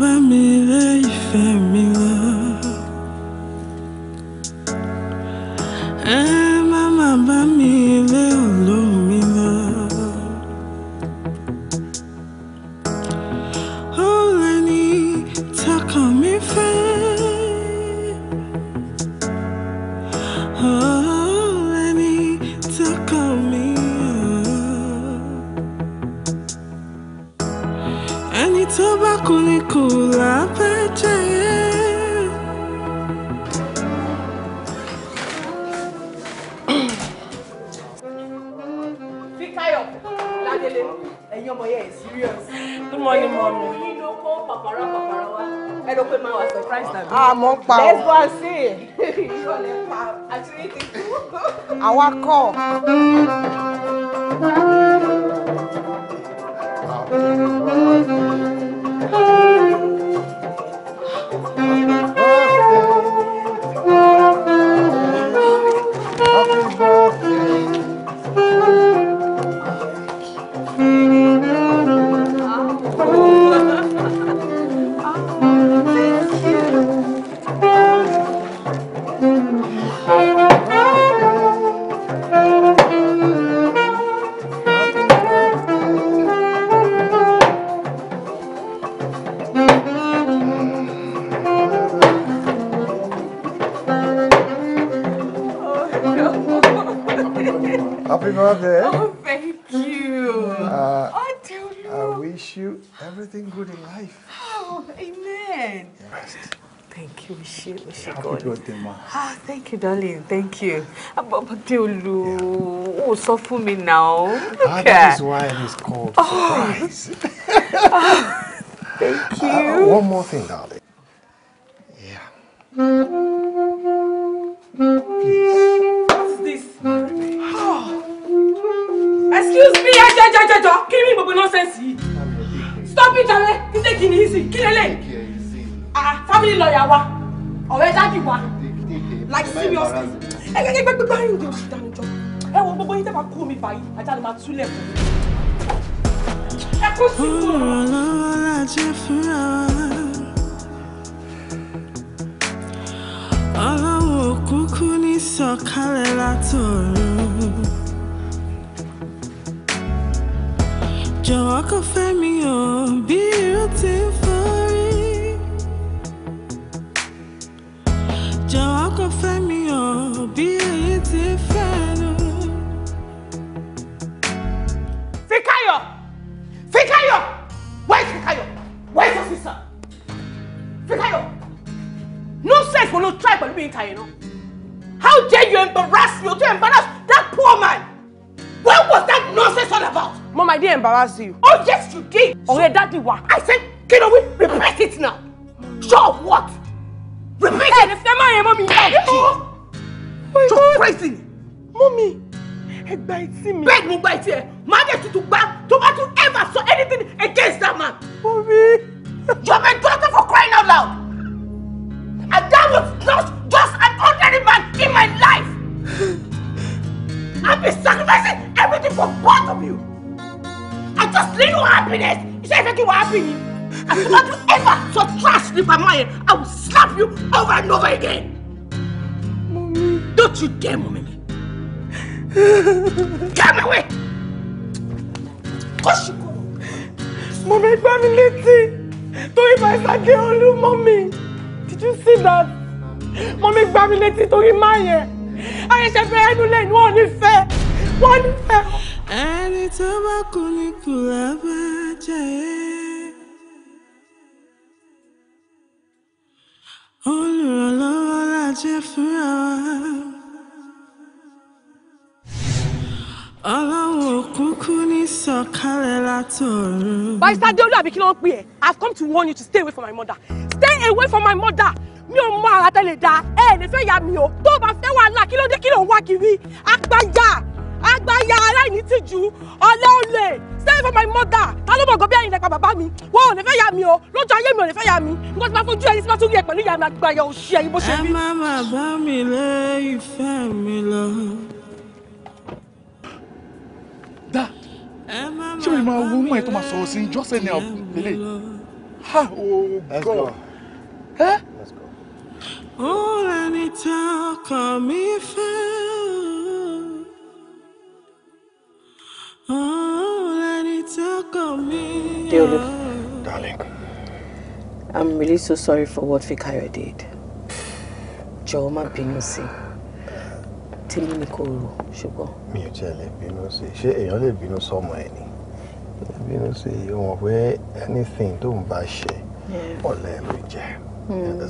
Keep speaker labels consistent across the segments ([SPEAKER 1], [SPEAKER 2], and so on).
[SPEAKER 1] love me. bá sí. àwa kọ́
[SPEAKER 2] Thank you, Oshi, Oshi Happy God. birthday,
[SPEAKER 3] ma.
[SPEAKER 1] Ah, thank you,
[SPEAKER 2] darling. Thank you. Ababate Olu. Yeah. Oh, sọ fún mi now. Look ah, that is
[SPEAKER 3] why it
[SPEAKER 4] called oh.
[SPEAKER 2] surprise.
[SPEAKER 1] ah,
[SPEAKER 4] thank ah, you. Uh, one more thing, darling.
[SPEAKER 1] Yeah. What's this? Oh. Excuse me, Ajajajaja.
[SPEAKER 2] Kí ni gbogbo nonsense yìí? Stop it, Jare. Take it easy. Kí lélẹ̀. Ah, family lawyer wa ọ̀rẹ́ dájú wa like seriously ẹ gẹ́gẹ́ gbẹ́gbẹ́ gbá yóò dé oṣù dánijọ́ ẹ wo gbogbo yín tẹ́fà kó mi báyìí ajá ni màá túlẹ̀ fún mi.
[SPEAKER 1] ẹ kó sí kúrò. ọ̀rọ̀ ọlọ́wọ́ kúkú ní sọ̀kalẹ̀ látọ̀run. jọ̀wọ́ kò fẹ́ mi ò bí irú ti ń forí. jọ̀wọ́ kò fẹ́ Fikayo!
[SPEAKER 2] Fikayo! Where is Fikayo? Where is your sister? Fikayo! No sense will not try pẹ̀lú mi nǹkan yẹn How dare you embarrass me or to embarrass that poor man? What was that nonsense all about? Mom, I didn't embarrass you. Oh, yes, you did. Ọ̀rẹ́ dádì wa. I said, can we wí? it now. Sure what? Repeat it! Eh, ẹ má yẹn mọ́ mi. Just crazy. mommy. ẹ bite etí mi. Bẹ́ẹ̀ni mo gba etí ẹ, máa dẹ̀ tuntun gbá tó
[SPEAKER 1] bá tún ever saw anything against that man. Mommy, you're my daughter for crying out loud. And that was not just an ordinary man in my life.
[SPEAKER 2] I've been sacrificing everything for both of you. I just need your happiness. Is everything kí happy As if I ever so trash nípa mọ́ yẹn, I will slap you over and over again. Mommy. Don't you dare
[SPEAKER 1] Mommy! me. Come away. Kọ́ṣù kọ̀. Mummy gbá mi létí. Torí my Sade Olú Mommy? Did you see that? Mommy, gbá mi létí torí máa yẹn. I fẹ́ ẹnu lẹ́nu wọn ní fẹ́. Wọ́n ní fẹ́. Ẹni tó bá kú ní olùrànlọ́wọ́ la jẹ́ fúnra wa. ọlọ́run òkúnkún
[SPEAKER 2] àbí kí ló ń pè ẹ́ i have come to warn you to stay away from my mother stay away from my mother mi ò mọ àràtẹ̀lẹ̀ dá ẹ̀ ẹ̀ lè fẹ́ ya mi o tó o bá fẹ́ wàhálà kí ló dé kí ló ń wá kiri àgbájá àgbáyà aláìnítìjú ọ̀lẹ́ olè save for my mother ta ló mọ̀ gan bí ẹ̀yin bàbá mi wọn ò lè fẹ́ yà mí o lójú ayé mi ò lè fẹ́ yà mí nǹkan tí máa
[SPEAKER 1] fojú ẹyin tí máa tún rí ẹ pẹ̀lú ìyá mi àgbáyà òṣì ẹyin bó ṣe rí. ẹ má má bá mi lé ìfẹ́ mi lọ. dá ṣé
[SPEAKER 3] mi máa wo mọ̀ ẹ́ tó máa sọ̀rọ̀ sí jọ́sẹ̀ ní àbúlé ha oh god.
[SPEAKER 1] Let's go. All anytime, call me fast. Deolu. Darling. I'm really so
[SPEAKER 2] sorry for what Fikayo did. Joma binusi, bínú sí.
[SPEAKER 4] Tèmi ni kò rò, ṣùgbọ́n. Mi ò tiẹ̀ lè Binusi sí. Ṣé èèyàn lè bínú sọ́mọ ẹ̀ ni? Bínú sí o mọ̀ pé anything tó ń bá ṣe ọ̀lẹ ló jẹ́. Hmm.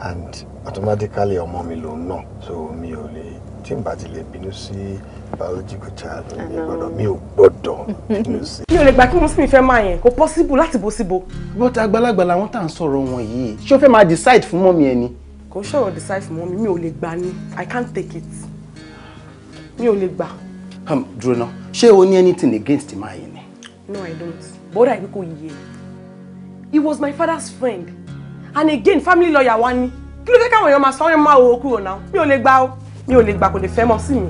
[SPEAKER 4] And automatically ọmọ mi lòun náà so mi ò tí n bá ti lè bínú sí biological child mi gbọ́dọ̀ mi ò
[SPEAKER 3] gbọ́dọ̀ bínú sí. mi ò lè gbà kí wọ́n sì mi fẹ́ máa yẹn kò possible láti bó síbo. bọ́tà àgbàlagbà làwọn tá à ń sọ̀rọ̀ wọn yìí ṣé o fẹ́ máa decide fún mọ́mi ẹni.
[SPEAKER 2] kò ṣòro decide fún mọ́mi mi ò lè gbà ni i can't take it mi ò lè gbà.
[SPEAKER 3] Hmm, dúró ná ṣé o ní anything against máa yẹn ni.
[SPEAKER 2] no i don't bọ́dà ìbí kò yẹ he was my father's friend and again family lawyer wa ni kí ló fẹ́ káwọn èèyàn máa sọ ọ́ yẹn máa wò ó kúrò náà mi ò lè gbà o mi ò
[SPEAKER 3] lè gbà kó lè fẹ́ mọ́ sí mi.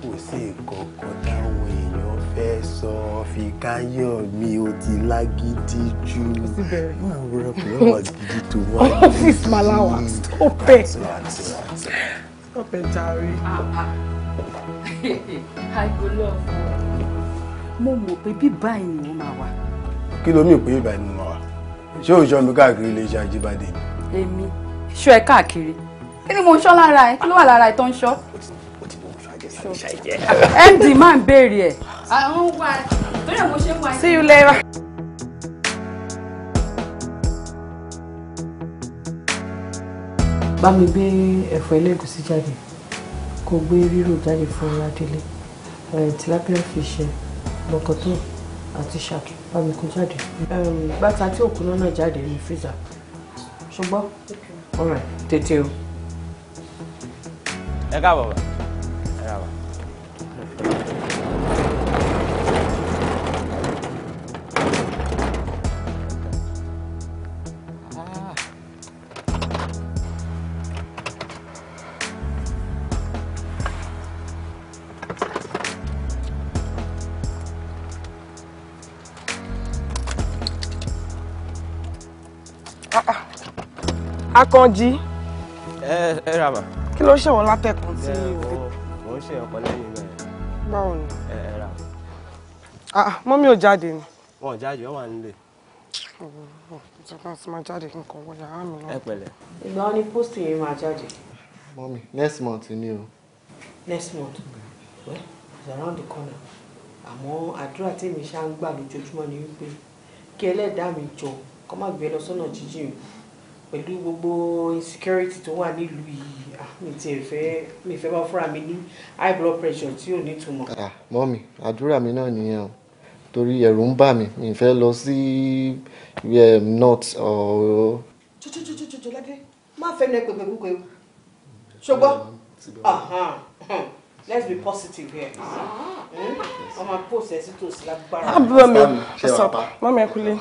[SPEAKER 3] kò sí ìkọ̀kọ̀ táwọn èèyàn fẹ́ sọ fi káyọ̀ mi ò ti lágídí jù máa ń rọ pé gidi tó wà. ọ́fíìsì màláwà
[SPEAKER 2] stop it stop it jàre. àgọ́lọ́ fún ọ mo mọ̀ pé
[SPEAKER 3] bí báyìí ni wọ́n máa wà. kí ló mì pé ni wọ́n máa wà ṣé òòṣàn mi káàkiri lè ṣe àjíbádé ni.
[SPEAKER 2] èmi ṣó ẹ káàkiri kí ni mo ń ṣọ́ lára ẹ kí ló wà lára ẹ tó ń ṣọ́. md máa ń béèrè ẹ. àwọn wa torí àwọn ṣe ń wá. see you later. bá mi gbé ẹ̀fọ́ ẹlẹ́gùsí jáde kó gbé rírò jáde fún adélé tilapia fish bọ̀kọ̀tọ̀ àti ṣàkí bá mi kó jáde gbàtà tí òkú náà jáde ní freezer ṣùgbọ́n ọ̀rẹ́ tètè o.
[SPEAKER 5] একা বাবা
[SPEAKER 6] একা বাবা Akandi. É, é, Java.
[SPEAKER 2] kí ló ṣe wọn látẹkùn
[SPEAKER 6] tí
[SPEAKER 5] o ṣe ọkọ lẹ́yìn rẹ. báwo ni. ẹ ẹ ra.
[SPEAKER 1] Ah, ah mọ́mí ò jáde ni.
[SPEAKER 2] wọn ò jáde wọn wà nílé.
[SPEAKER 1] ìjọba ti máa jáde kí n kàn wọ yàrá mi lọ. ẹ pẹ̀lẹ́. ìgbà wo ni pósìtì yẹn máa jáde.
[SPEAKER 7] mọ́mí next month ni o.
[SPEAKER 2] next month well it's around the corner àmọ́ àdúrà tèmi ṣá ń gbà lójoojúmọ́ ni wípé kí ẹlẹ́dàá mi jọ kó má gbé lọ sọ́nà jíjìn pẹ̀lú gbogbo insecurity tó wà nílùú yìí Ah, mi ti ẹ̀ fẹ́ mi fẹ́ bá fúnra mi ní high blood pressure tí ò nítumọ̀. Ah,
[SPEAKER 7] mọ́mì àdúrà mi náà nìyẹn o torí ẹ̀rù ń bà mí mi fẹ́ lọ sí eh, north.
[SPEAKER 2] jọjọjọjọjọ ládé má fẹ́ ní pẹ̀pẹ̀ púpẹ̀ o ṣùgbọ́n let's be positive here hmm? ọmọ post ẹ̀ sí tòsí lágbára. àbúrò mi ọ̀sán mọ́mí ẹ kúlé.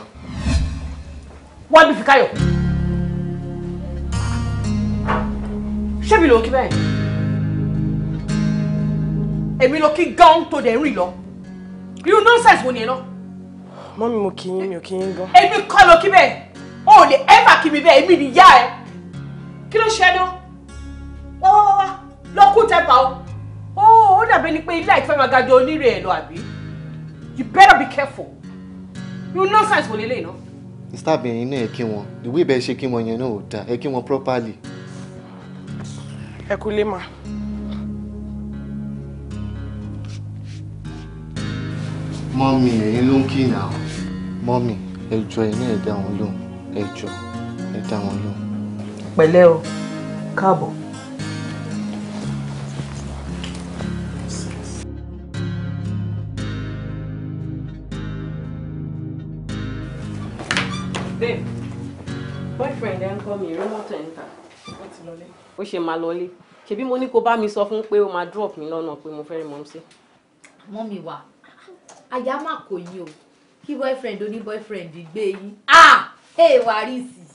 [SPEAKER 2] wọ́n bí fi káyọ̀. ṣébi ló kí bẹ́ẹ̀ èmi ló kí gan tó dẹ̀ rìn lọ irú nonsense wo ni ẹ lọ.
[SPEAKER 1] mọ́mí mo kì í mi ò kì í gan.
[SPEAKER 2] èmi kọ́ ló kí bẹ́ẹ̀ o ò lè ẹ́fà kí mi bẹ́ẹ̀ èmi nìyá ẹ kí ló ṣe ẹ náà wá wá wá lọ kú o ó ó dàbí ni pé ilé àìfẹ́ máa ga jọ onírè ẹ̀ lọ àbí you better be careful you nonsense wò lélẹ́yìn náà.
[SPEAKER 7] ìsítábìnrin náà ẹ kí wọn ìwé ìbẹ̀ ṣe kí wọn yẹn náà ò dáa ẹ kí wọn properly ẹ kú lé mà. mọ́mì ẹ̀yin ló ń kí náà. mọ́mì ẹjọ́ ẹ̀ náà ẹ dá wọn lóhùn ẹjọ́ o
[SPEAKER 2] káàbọ̀.
[SPEAKER 1] Babe, boyfriend
[SPEAKER 2] then call me, remote enter ti lọlé. ó ṣe máa lọlé ṣebí mo ní kó bá mi sọ fún pé ó máa drop mi lọ́nà pé mo fẹ́ rí mọ́mísí. mọ́ mi wá àyà má kò yín o kí boyfriend oní boyfriend gbé yín ah ẹ wàá rí sí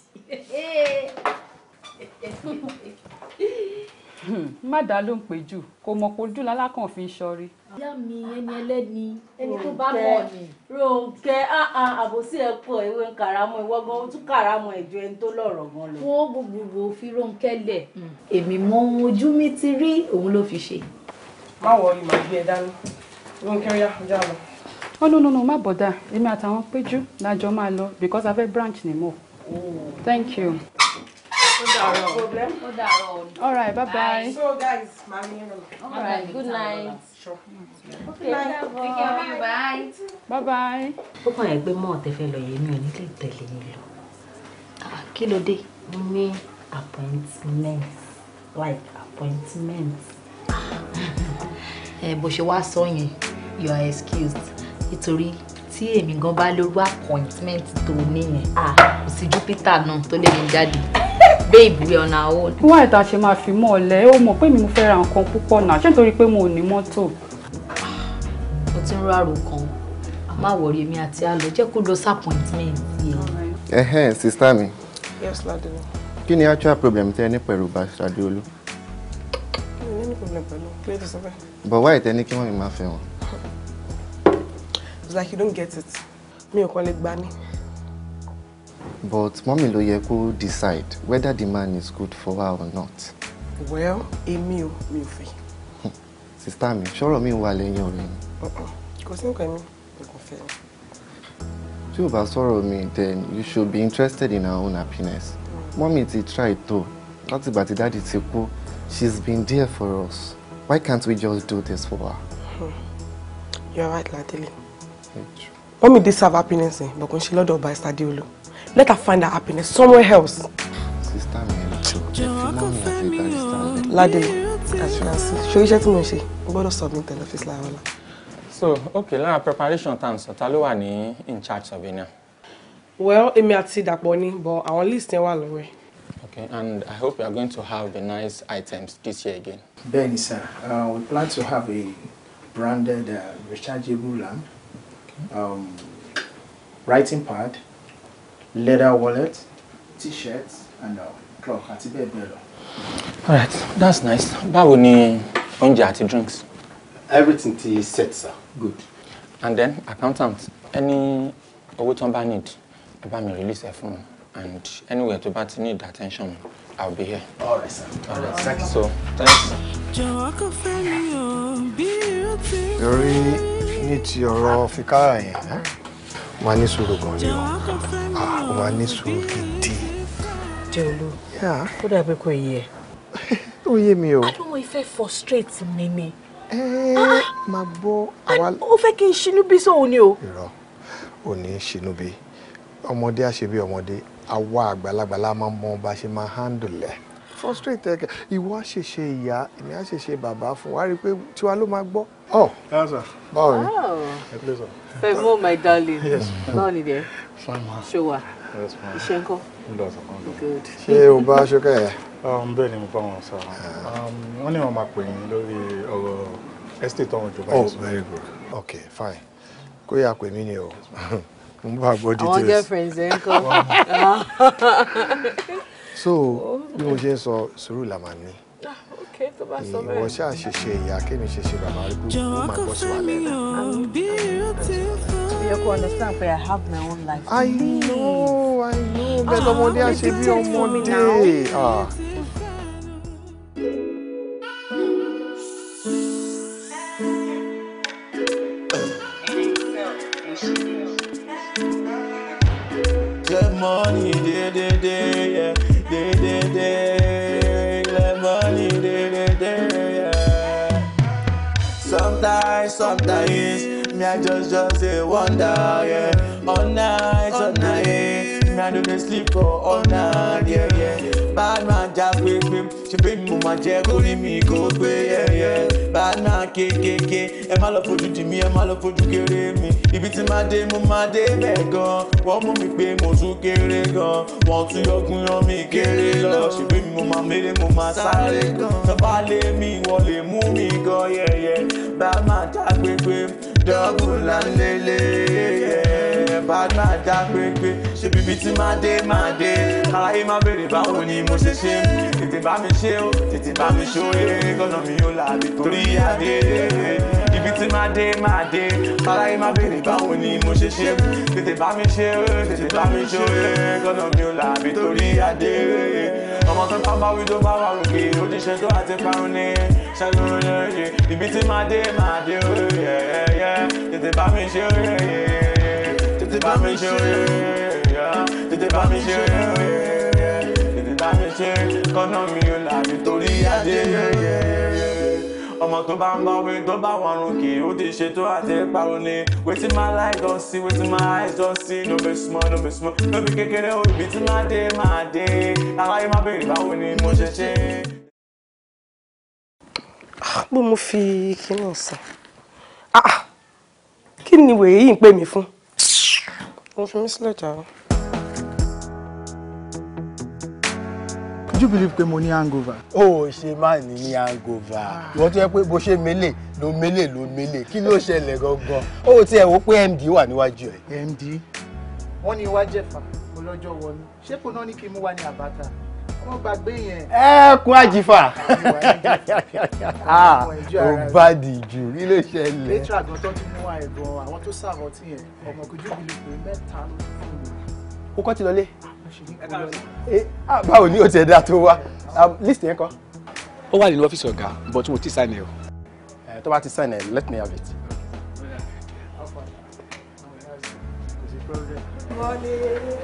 [SPEAKER 2] Hmm, má dá ló ń pè jù kò mọ̀ pé ojú lalákàn fi ń ṣọrí. ìyá mi ẹni ẹlẹ́ni ẹni tó bá mọ̀ ni Ronke ah, ah, àbòsí ẹ̀ pọ̀ ewé ń karamọ́ ìwọ́gbọ́n ó tún karamọ́ ẹ̀jọ́ ẹni tó lọ́rọ̀ gan lọ. wọ́n gbogbo fi Ronke lẹ̀ èmi mọ ohun ojú mi ti rí òun ló fi ṣe. má wọ ìmọ̀ gbé ẹ dání Ronke ó yá ọjà lọ. ó oh, no no no má bọ̀dà èmi àtàwọn péjú lájọ máa lọ because i fẹ́ branch ni mo. Oh. thank you. All All right bye bye. bye. So guys, mommy and All right, good night. Sure. Okay, bye. Bye bye. bye. Ó kàn yẹ pé mọ́ ọ̀tẹ́ fẹ́ lọ yẹ mi ò ní lè tẹ̀lé yín lọ. Ah, kí ló dé? appointment like appointment. Ẹ eh, bó ṣe wá sọ yẹn, you are excused nítorí tí èmi gan bá lórí appointment tó níyẹn ah, kò sí Jupiter náà tó lè mú jáde babe we on our own. wọ́n ẹ̀ta ṣe máa fi mọ́ ọ lẹ́ ó mọ̀ pé mi mo fẹ́ ra nǹkan púpọ̀ náà ṣé nítorí pé mo ò ní mọ́tò. mo ti ń rọ àrò kan a máa wọ̀rí èmi àti àlọ́ jẹ́ kó lọ sàpọ̀ntmẹ́ǹt yẹn.
[SPEAKER 7] ẹhẹ́n sista mi. yes Ládéwọ̀. kí ni actual problem tẹ ní pẹ̀lú Barrister Adéolú.
[SPEAKER 1] mi ò ní problem pẹ̀lú kílẹ̀ tó sọ bẹ́ẹ̀.
[SPEAKER 7] but why tẹ ní kí wọ́n mi máa fẹ́ wọn.
[SPEAKER 1] it's like you don't get it mi ò kàn lè gbani
[SPEAKER 7] but mọ́mì loyeko decide whether the man is good for her or not.
[SPEAKER 3] well Emi, ò mi ò fẹ́.
[SPEAKER 7] sista mi ṣọ́rọ̀ mi wà lẹ́yìn ọ̀rẹ́ mi.
[SPEAKER 3] kò sí nǹkan mi kò kò fẹ́.
[SPEAKER 7] tí o bá sọ̀rọ̀ mi then you should be interested in her own happiness. mọ́mì ti try tó láti ìgbà tí dáàdi ti kú she's been there for us why can't we just do this for her.
[SPEAKER 3] Hmm. you're right ladele.
[SPEAKER 2] mọ́mì deserve happiness eh, but kò ń ṣe lọ́dọ̀ ọba ìsádé olú. Let her find her happiness somewhere else. Sister
[SPEAKER 6] me, ìfimọ́ mi àti barista mi.
[SPEAKER 2] Ládé,
[SPEAKER 1] as you can see, show
[SPEAKER 2] you tí mo ṣe, o gbọ́dọ̀ submit ẹ̀ lọ́fíìsì láyọ̀lá.
[SPEAKER 6] So, okay, lára preparation time sọ, ta in charge of it now?
[SPEAKER 2] Well, it èmi àti that ni, but I àwọn list yẹn while away.
[SPEAKER 6] Okay, and I hope you are going to have the nice items this year again.
[SPEAKER 3] Benny, sir, uh, we plan to have a branded uh, rechargeable lamp, okay. um, writing pad, leather wallet, t-shirt and a uh,
[SPEAKER 6] clock àti bẹ́ẹ̀ bẹ́ẹ̀ All right, that's nice báwo ni onja àti drinks. everything ti set sir good. and then accountant any owó tán bá need ẹ bá mi release ẹ fún and anywhere tó bá need attention I'll be here. All right, sir All right. thank you so thanks.
[SPEAKER 1] jọ̀wọ́ kò fẹ́ mi o bí irú ti.
[SPEAKER 4] you ó ah, máa ní sùúrù gidi.
[SPEAKER 2] jẹ́ olú ó dàbí kò yẹ. ó yé mi o. àdúgbò ìfẹ́ frustrate mi ni. Ah! máa gbọ́ àwa. ó fẹ́ kí n ṣinú bí sóhun ni o. irọ́
[SPEAKER 4] ò ní ṣinú ọmọdé àṣebí ọmọdé àwa àgbàlagbà la máa mọ bá a ṣe máa handle ẹ̀ frustrate ẹ kẹ ìwọ á ìyá èmi á bàbá fún wa rí i pé tiwa ló máa gbọ́. ọ oh. báwo ni.
[SPEAKER 2] Oh. Fẹ́mi oh, my
[SPEAKER 6] darling báwo ni dẹ ṣé wà iṣẹ́ ńkọ́. ṣé o bá ṣókè yẹ. Um, bẹ́ẹ̀ ni mo bá wọn sọ um, wọ́n ní wọn máa pè yín lórí
[SPEAKER 4] ọ̀rọ̀ estate ọ̀hún ìjọba yìí. oh very good okay fine kó yà pè mí ni o n bá gbọ́ details. àwọn girlfriends ẹ̀
[SPEAKER 1] ń kọ́ so bí mo
[SPEAKER 4] ṣe ń sọ sùúrù là máa ní ah, ìwọ ṣáà ṣe ṣe ìyá kémi ṣe ṣe bàbá rí pé ó máa bọ́ sí wa
[SPEAKER 1] lẹ́nu. you can understand pé I have my own life. I know I know bẹ́ẹ̀ lọmọdé ah, á ṣe bí ọmọdé. Ah.
[SPEAKER 5] waiting for ọ̀nà rẹ̀ yẹ. bad man já pépé ṣe pé mo máa jẹ́ kórí mi kó gbé yẹ̀yẹ́. bad man kékeré ẹ má lọ fojú di mí ẹ má lọ fojú kéré mi. ibi tí máa dé mo máa dé bẹ́ẹ̀ gan. wọ́n mú mi pé mo tún kéré gan. wọ́n tún yọgun yan mi kéré lọ. ṣe pé mo máa méré mo máa sáré gan. tọ́ba lé mi wọ́n lè mú mi gan yẹ̀yẹ́. bad man já pépé dọ́gùn là ń gbàgbà já pépé ṣe bíbí tí máa dé máa dé aláyé máa béèrè báwo ni mo ṣe ṣe tètè bá mi ṣe ó tètè bá mi ṣó é kọ́nà mi ò làbí torí adé ibi tí máa dé máa dé aláyé máa béèrè báwo ni mo ṣe ṣe tètè bá mi ṣe ó tètè bá mi ṣó é kọ́nà mi ò làbí torí adé ọmọ tó bá bá wí tó bá wà rògbè oníṣẹ́ tó àti parun ní ṣẹ́gun lóye ibi tí máa dé máa dé ó yẹ yẹ tètè bá mi ṣe ó yẹ yẹ bá mi ṣeré tètè bá mi ṣeré tètè bá mi ṣeré kọ́nà mi ò làbí torí adé ọmọ tó bá ń bá omi tó bá wọrùn kì í ó ti ṣètò àti ìparun ni wetin my life don see wetin my eyes don see no be small no be small no be kékeré o ibi tí máa dé máa dé aráyé má béèrè báwo ni mo ṣe ṣe.
[SPEAKER 1] bó
[SPEAKER 2] mo fi kíni ọ̀sán ah, ah. kí ni wèé yìí ń pè mí fún.
[SPEAKER 1] Mo fi mí
[SPEAKER 3] Do you believe pé mo ní hangover? Oh, ṣe máa ní ní hangover. Ìwọ́n tó yẹ pé bó ṣe mélè ló mélè ló mélè kí ló ṣẹlẹ̀ gangan? Ó tiẹ̀ wò pé MD wà níwájú ẹ̀. MD? Wọ́n ní iwájú ẹ̀fà olọ́jọ́ wọnú. Ṣé kò náà ní kí n mú wá ní wọ́n gbàgbé yẹn. ẹkùn àjìfà ó bá dìjú rí ló ṣẹlẹ̀. létí àgọ́ tó ti mú wa ẹ̀gbọ́n àwọn tó sàrọ̀ tí yẹn ọmọ kojú bìlì pé mẹ́ta ló fún mi. ó kọ́ ti lọlé. báwo ni o ti ẹ̀dá tó wá list yẹn kọ́. ó wà nínú ọ́fíìsì ọ̀gá but mo ti sign ẹ̀ o. tó bá ti sign ẹ̀ let me have it. Okay. Money.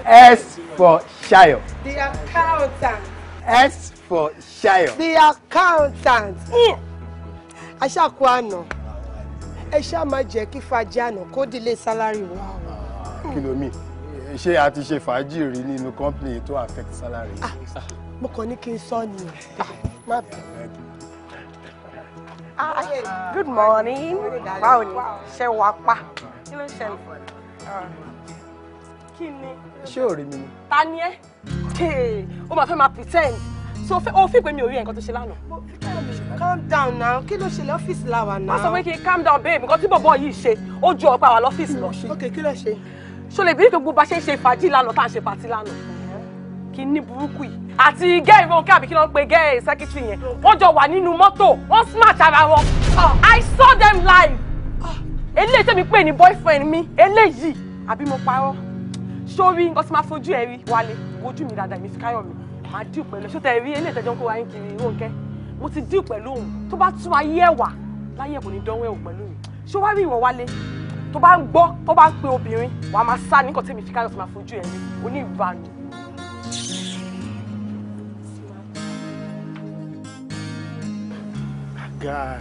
[SPEAKER 2] S for
[SPEAKER 3] Shayo. The
[SPEAKER 2] accountant.
[SPEAKER 3] S for Shayo.
[SPEAKER 2] The accountant. Aṣáko mm. àná, ẹ ṣáà máa jẹ́ kí fàájì àná kó délé sálárì wa.
[SPEAKER 3] Kí ló mì? Ṣé a ti ṣe fàájì rí nínú company tó affect salary? Ah,
[SPEAKER 2] mo kàn ní kí n sọ ni. Ah, Good morning. Báwo ni? Ṣé wàá pa? Kí ló ń ṣẹlẹ̀? Ah kí ni.
[SPEAKER 3] ṣé ò rí mi ni.
[SPEAKER 2] ta ni ẹ ó máa fẹ́ máa pretend so ó fi pé mi ò rí nǹkan tó ṣe lánàá. calm down now kí ló ṣe lọ́fíìsì làwà náà. wọ́n sọ pé kí n calm down babe nǹkan tí bọ̀bọ̀ yìí ṣe ó ju ọ̀pá wa lọ́fíìsì lọ. ok kí ló ṣe. ṣo lè bí gbogbo bá ṣe ń ṣe fàájì lánàá tá à ń ṣe pàtí lánàá kí ní burúkú yìí àti gẹ́ẹ̀ ìrọ̀kẹ́ àbí kí ló ń pe gẹ́ẹ̀ sẹ́kítírì yẹn wọ́n jọ wà nínú mọ́tò wọ́n smash ara wọn ah. I saw them live ah. eléyìí tẹ́mi pè ní boyfriend mi eléyìí àbí mo parọ́ sórí nǹkan tí máa fojú ẹ rí wálé wojú mi dáadáa èmi ti káyọ̀ mi máa díù pẹ̀lú ṣó tẹ rí eléyìí tẹjọ́ ń kó wa ń kiri Rónkẹ́ mo ti díù pẹ̀lú òun tó bá tún ayé ẹ̀wà láyé kò ní dánwò ẹ̀wò pẹ̀lú mi ṣó wá rí ìwọ wálé tó bá ń gbọ́ tó bá ń pe obìnrin wàá máa sá ní nǹkan tí èmi ti káyọ̀ tí máa fojú ẹ rí oní ìbànú
[SPEAKER 3] guy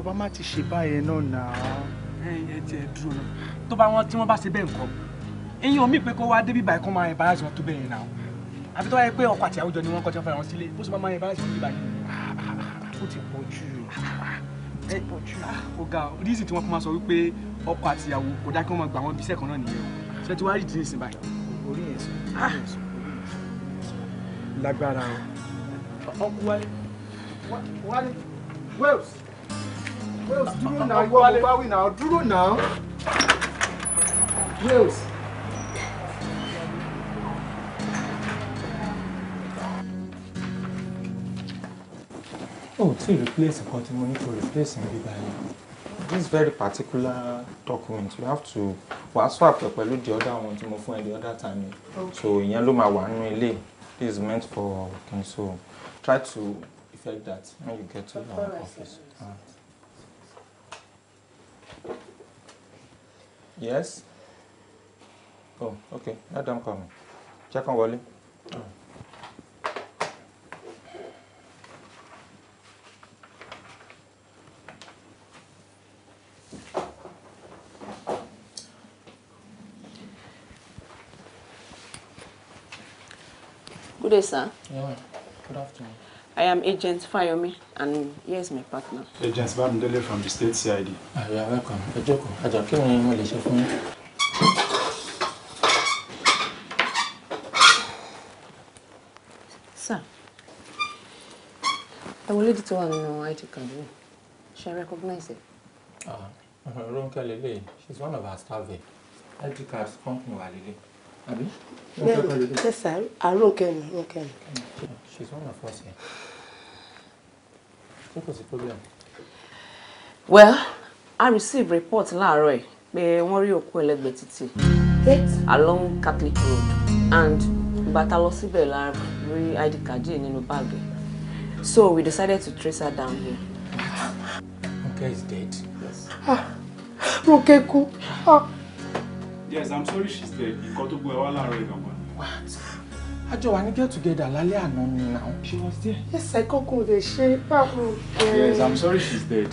[SPEAKER 3] obama ti ṣe báyẹn náà náà.
[SPEAKER 1] ẹ ẹ tiẹ̀ dúró náà
[SPEAKER 3] tó bá wọn tí wọ́n bá ṣe bẹ́ẹ̀ nǹkan ẹ̀yin omi pé kó wá débi báyìí kó máa embarrass wọn tó bẹ̀rẹ̀ náà àfi tó wáyé pé ọkọ àti àwùjọ ni wọ́n kọjá fẹ́ràn sílé bó ṣe máa máa embarrass wọn níbàyí ó ti pọ̀ jù ti pọ̀ jù. ọ̀gá oríṣi tí wọ́n fi máa sọ wípé ọkọ àti ìyàwó kò dá kí wọ́n máa gbà wọ́n bí sẹ́kàn náà nìyẹn o ṣe ti wá rí ìdí nísìn báyìí. orí yẹn sọ orí yẹn ah!
[SPEAKER 1] sọ lágbára o.
[SPEAKER 3] ọkọ wálé wálé wales wales dúró náà ìwọ ọba wí náà dúró náà wales.
[SPEAKER 6] Oh, to replace nǹkan tí money ní to replace ní bíbá yẹn this very particular document you have to wàá swap ẹ e pẹ̀lú the other one tí mo fún the other time so ìyẹn ló máa wà nínú ilé this is meant for working so try to effect that when you get to our office. Uh. Yes? Oh, okay. Let them come. Check on Wally. Oh. day, sir. Yeah, good afternoon.
[SPEAKER 2] I am Agent Fayomi, and here's my
[SPEAKER 6] partner. Agent Bamdele from the state CID. Ah, you are welcome. Ẹ jókòó, Àjọ, kí ni mo lè ṣe fún yín?
[SPEAKER 2] Sir, ẹ wo lady tó wà nínú IT company. She recognize it?
[SPEAKER 6] Ah, Ronke Lele, she's one of our staff here. IT cards company wà lélẹ̀ àbí. yes sir àrùn kẹnu àrùn kẹnu. she's one of us here. ṣé
[SPEAKER 2] well i received report láàárọ̀ ẹ̀ pé wọ́n rí òkú ẹlẹ́gbẹ̀ẹ́ títì along Catholic road and ìgbà tá a lọ síbẹ̀ la rí id card in the bag. so we decided to trace her down here.
[SPEAKER 3] Okay, is dead. Yes.
[SPEAKER 1] Ah, Ronke kú. Ah.
[SPEAKER 3] Yes, I'm sorry she's dead. Nǹkan tó gbé wa láàárọ̀ ìgbàgbọ́.
[SPEAKER 6] What? Àjọ wa ní get together lálẹ́ àná ni now. She was there. Yes, I kọ́kọ́ kò lè ṣe báwo. Yes, I'm sorry she's dead.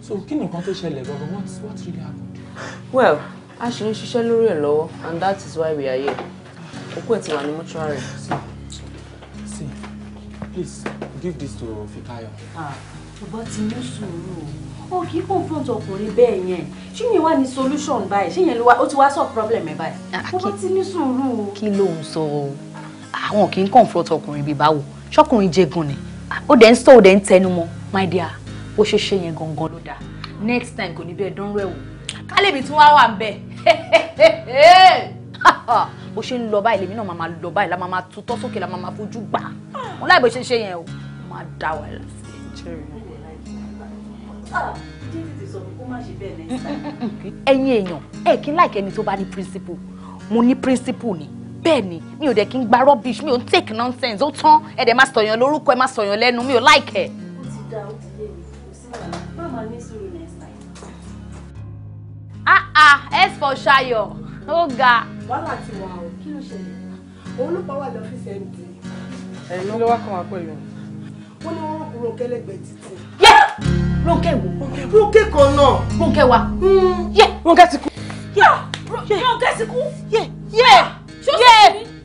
[SPEAKER 6] So can you nǹkan tó ṣẹlẹ̀ What what really happened? Well,
[SPEAKER 2] actually, ṣì ń ṣiṣẹ́ lórí and that is why we are here. Òkú ẹ̀ ti wà ní mọ́túárì.
[SPEAKER 6] See, please give this to Fikayo. Ah, but ti mú sùúrù
[SPEAKER 2] o kì í confront ọkùnrin bẹ́ẹ̀ yẹn ṣé yẹn wá ní solution báyìí ṣé yẹn ló wá ó ti wá sọ problem ẹ báyìí ah, ó bá ti ní sùúrù. kí ló ń sọ o àwọn ah, kì í confront ọkùnrin bíi báwo ṣọkùnrin jẹgùn ni ah, ó dẹ̀ ń sọ ó dẹ̀ ń tẹnu mọ́ my dear bó ṣe ṣe yẹn gangan ló dáa next time kò ní bẹ́ẹ̀ dánrú ẹ̀ wò kálẹ̀mí tún wá wà ń bẹ̀ bó ṣe ń lọ báyìí lèmi náà máa lọ báyìí la máa tutọ́ sókè la máa fojú gbà wọn láì bó ṣe ṣe yẹn o máa dá wàhálà sí ẹ̀ jẹ́rìí ẹ̀yin èèyàn ẹ kí n láìka ẹni tó bá ní principle mo ní principle ni bẹ́ẹ̀ ni mi ò dẹ̀ kí n gba rubbish mi ò ń take nonsense ó tán ẹ dẹ̀ máa sọ̀yàn lórúkọ ẹ máa sọ̀yàn lẹ́nu mi ò láìka ah ah s for Ṣayọ̀ ó ga. wàhálà ti wà o kí ló ṣẹlẹ̀ òun ló pa wà lọ́fíìsì ẹ̀ ẹ̀yin ló wá kàn wá pẹ̀lú. wọ́n ní wọ́n rọ̀ kúrò títí. Rónkẹ́ wo. Rónkẹ́ kan náà. Rónkẹ́ wa. Hmm. Yẹ Rónkẹ́ ti kú. Yẹ Rónkẹ́ ti kú. Yẹ yẹ yẹ.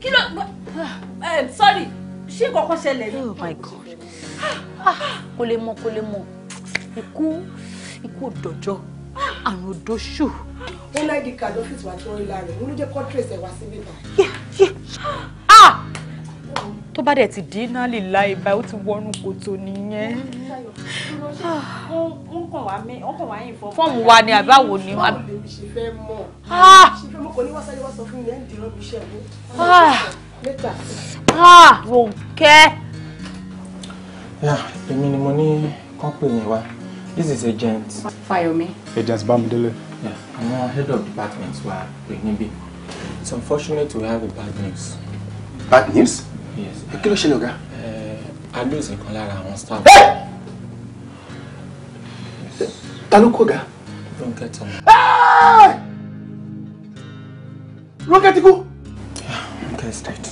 [SPEAKER 2] Kí ló sorry She go ṣẹlẹ̀ ni. Oh my God. Ah, kò lè mọ̀ kò lè mọ̀. Ikú ikú òdòjọ́ àrùn òdòṣù. Wọ́n láì di card ọ́fíìsì wa tí wọ́n rí lára rẹ̀. Wọ́n ló jẹ́ kọ́ trace ẹ̀ wá síbí báyìí. Ah! tó bá dẹ̀ ti di iná lè la ìbá ó ti wọnú kòtò nìyẹn. wọ́n kàn wá mí wọ́n kàn wá yín fọ́ọ̀mù. fọ́ọ̀mù wa ni àbáwo ni. báwo lè ṣe fẹ́ mọ̀ ah! ah! ṣe fẹ́ kò ní wá sáré sọ fún mi ẹ̀ ń dì rọ́bì iṣẹ́ mi. Rónkẹ́.
[SPEAKER 6] Ah! èmi ni mo ní kọ́pẹ́ yẹn wá this is agent. Fáyọ̀mí. agent Bámidélé. àwọn head of department wa pè níbí it's unfortunate to have a bad news. bad news kí ló ṣẹlẹ̀ ọ̀gá. Eh, agbóòsì kan lára àwọn staff. ta ló kó ọ̀gá. Rónkẹ́ tán. Rónkẹ́ ti kú. Rónkẹ́ is dead.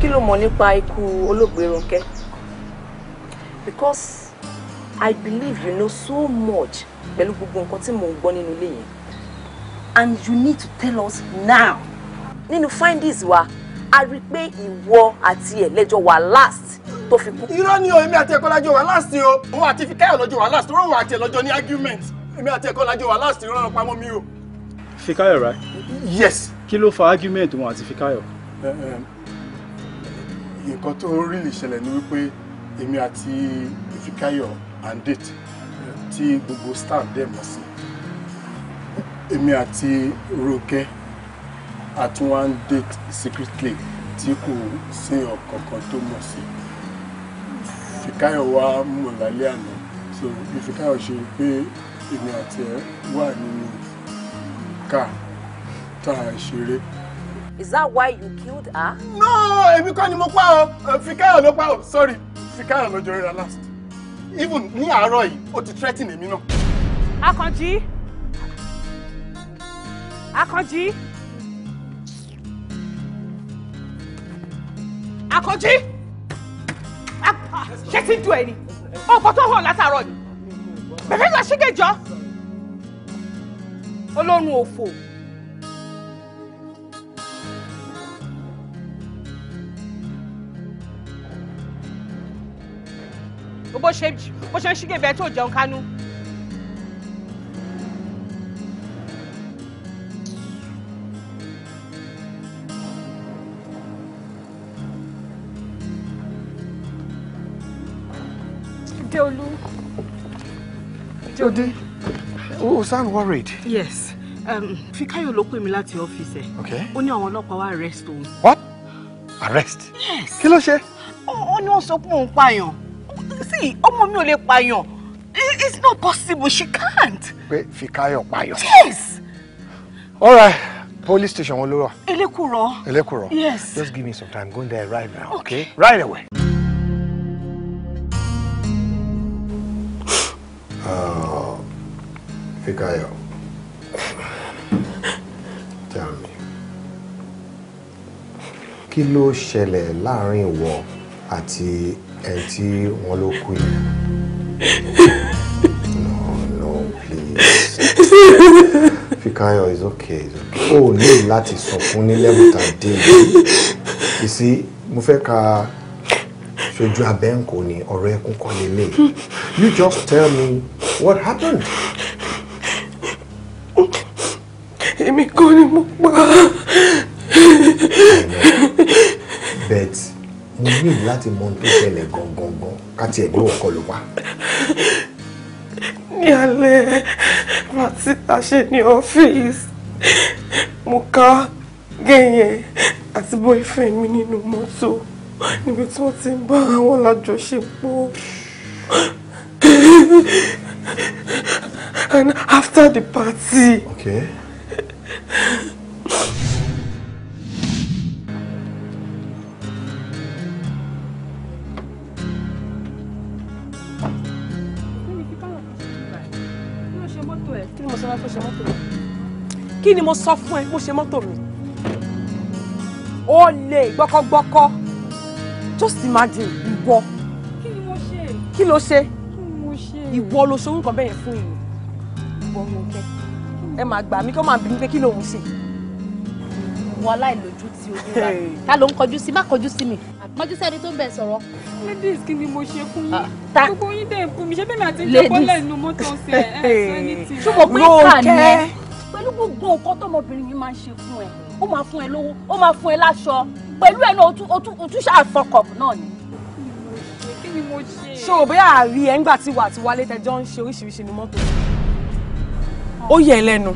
[SPEAKER 2] kí ló mọ̀ nípa ikú olóògbé Rónkẹ́ because I believe you know so much pẹ̀lú gbogbo nǹkan tí mò ń gbọ́ nínú ilé yẹn and you need to tell us now nínú findings wa a rí i pé ìwọ àti ẹ̀ lẹ́jọ́ wà last tó fi kú.
[SPEAKER 3] irọ́ ni o èmi àti ẹ̀kọ́ lájọ wà last ni o òun àti Fíkáyọ̀ lọ́jọ́ wà last òun àti ẹ̀ lọ́jọ́ ní argument èmi àti ẹ̀kọ́ lájọ wà last ìrọ̀rùn pamọ́ mi o. Fíkáyọ̀ right. yes. kí ló fa argument òun àti Fíkáyọ̀. nǹkan tó rí lè ṣẹlẹ̀ ni wípé èmi àti Fíkáyọ̀ and date tí gbogbo staff dẹ̀ mọ̀ sí èmi àti Rónkẹ́ àti one date secretly tí kò sí ọ̀kankan tó mọ̀ sí Fìkáyọ̀ wá mọ̀ lálẹ́ àná so bí Fìkáyọ̀ ṣe pé èmi àti ẹ̀ wà nínú ká tá a Is that why you killed her? No, èmi kọ́ ni mo pa ọ́ Fìkáyọ̀ ló pa ọ́ sorry Fìkáyọ̀ ló jọ rí last even ní àárọ̀ yìí ó ti threaten èmi náà. Akànjí Akànjí
[SPEAKER 2] Akànjí ṣé ti dùn ẹ ni ọkọ tó hàn látàárọ̀ yìí bẹ̀rẹ̀ lọ sí kẹjọ olórun òfò. bó ṣe bó ṣe ń ṣígè bẹ́ẹ̀ tó jẹun kánú. Deolu. Jode, oh,
[SPEAKER 4] sound worried.
[SPEAKER 2] Yes. Um, Fikayo ló pè mí láti ọ́fíìsì ẹ̀. Okay. Ó ní àwọn ọlọ́pàá wá arrest òun.
[SPEAKER 6] What? Arrest?
[SPEAKER 2] Yes. Kí ló ṣe? Ó ní wọ́n sọ pé òun pààyàn see ọmọ mi ò lè pààyàn it's not possible she can't.
[SPEAKER 4] pé Fikayo pààyàn. yes. all right police station wọn ló wà.
[SPEAKER 2] Elekuro.
[SPEAKER 4] Elekuro. yes. just give me some time go there right now okay, okay? right away. Uh, Fikayo. tell me kí ló ṣẹlẹ̀ láàrin ìwọ àti ẹ tí wọ́n ló kú yìí. No, no, please. Fikayo is okay, is okay. O ní láti sọkún ní lẹ́bùtà dé yìí. You see, mo fẹ́ ka ṣojú abẹ́ǹkò ni ọ̀rọ̀ ẹkún kọ́ lélẹ̀. You just tell me what
[SPEAKER 1] happened. Èmi kọ́ ni mo pa.
[SPEAKER 4] Bẹ́ẹ̀ni mo ní ìlú láti mọ ohun tó ṣẹlẹ̀
[SPEAKER 1] gangan
[SPEAKER 4] káti ẹ̀dùn ọ̀kọ́ ló wà.
[SPEAKER 1] ní alẹ́ màtí ṣe ní ọ́fíìsì mo ká gẹ̀yẹn àti boyfriend mi nínú mọ́tò níbi tí wọ́n ti ń bá àwọn lájọṣepọ̀. and after the party.
[SPEAKER 3] Okay.
[SPEAKER 2] kí ni mo sọ fún ẹ mo ṣe mọ́tò mi ó lè gbọ́kọ́gbọ́kọ́ just imagine ìwọ kí ni mo ṣe kí ló ṣe ìwọ ló ṣe orúkọ bẹ́ẹ̀ fún ìlú ìwọ ló kẹ́ ẹ máa gbà mí kí wọ́n máa bí mi pé kí lòun ṣe. ìwọ aláìlójú ti olúwa ta ló ń kọjú sí má kọjú sí mi mọ́jú sẹ́ni tó ń bẹ̀ sọ̀rọ̀. ladies kí ni mo ṣe fún yín ah, gbogbo yín dẹ̀ fún mi ṣé bẹ́ẹ̀ mi àti ìjọba lẹ́nu mọ́tò ṣe ẹ̀ ẹ̀ sọ ẹni tí pẹ̀lú gbogbo nǹkan tọmọbìnrin yìí máa ń ṣe fún ẹ ó máa fún ẹ lówó ó máa fún ẹ láṣọ pẹ̀lú ẹ náà o tún fọkọ̀ náà ni. kí ni mo ṣe. ṣé o bóyá àárí ẹ ńgbà tí wà àti wálé tẹjọ ń ṣe oríṣiríṣi ní mọ́tò. ó yẹ ẹ lẹ́nu.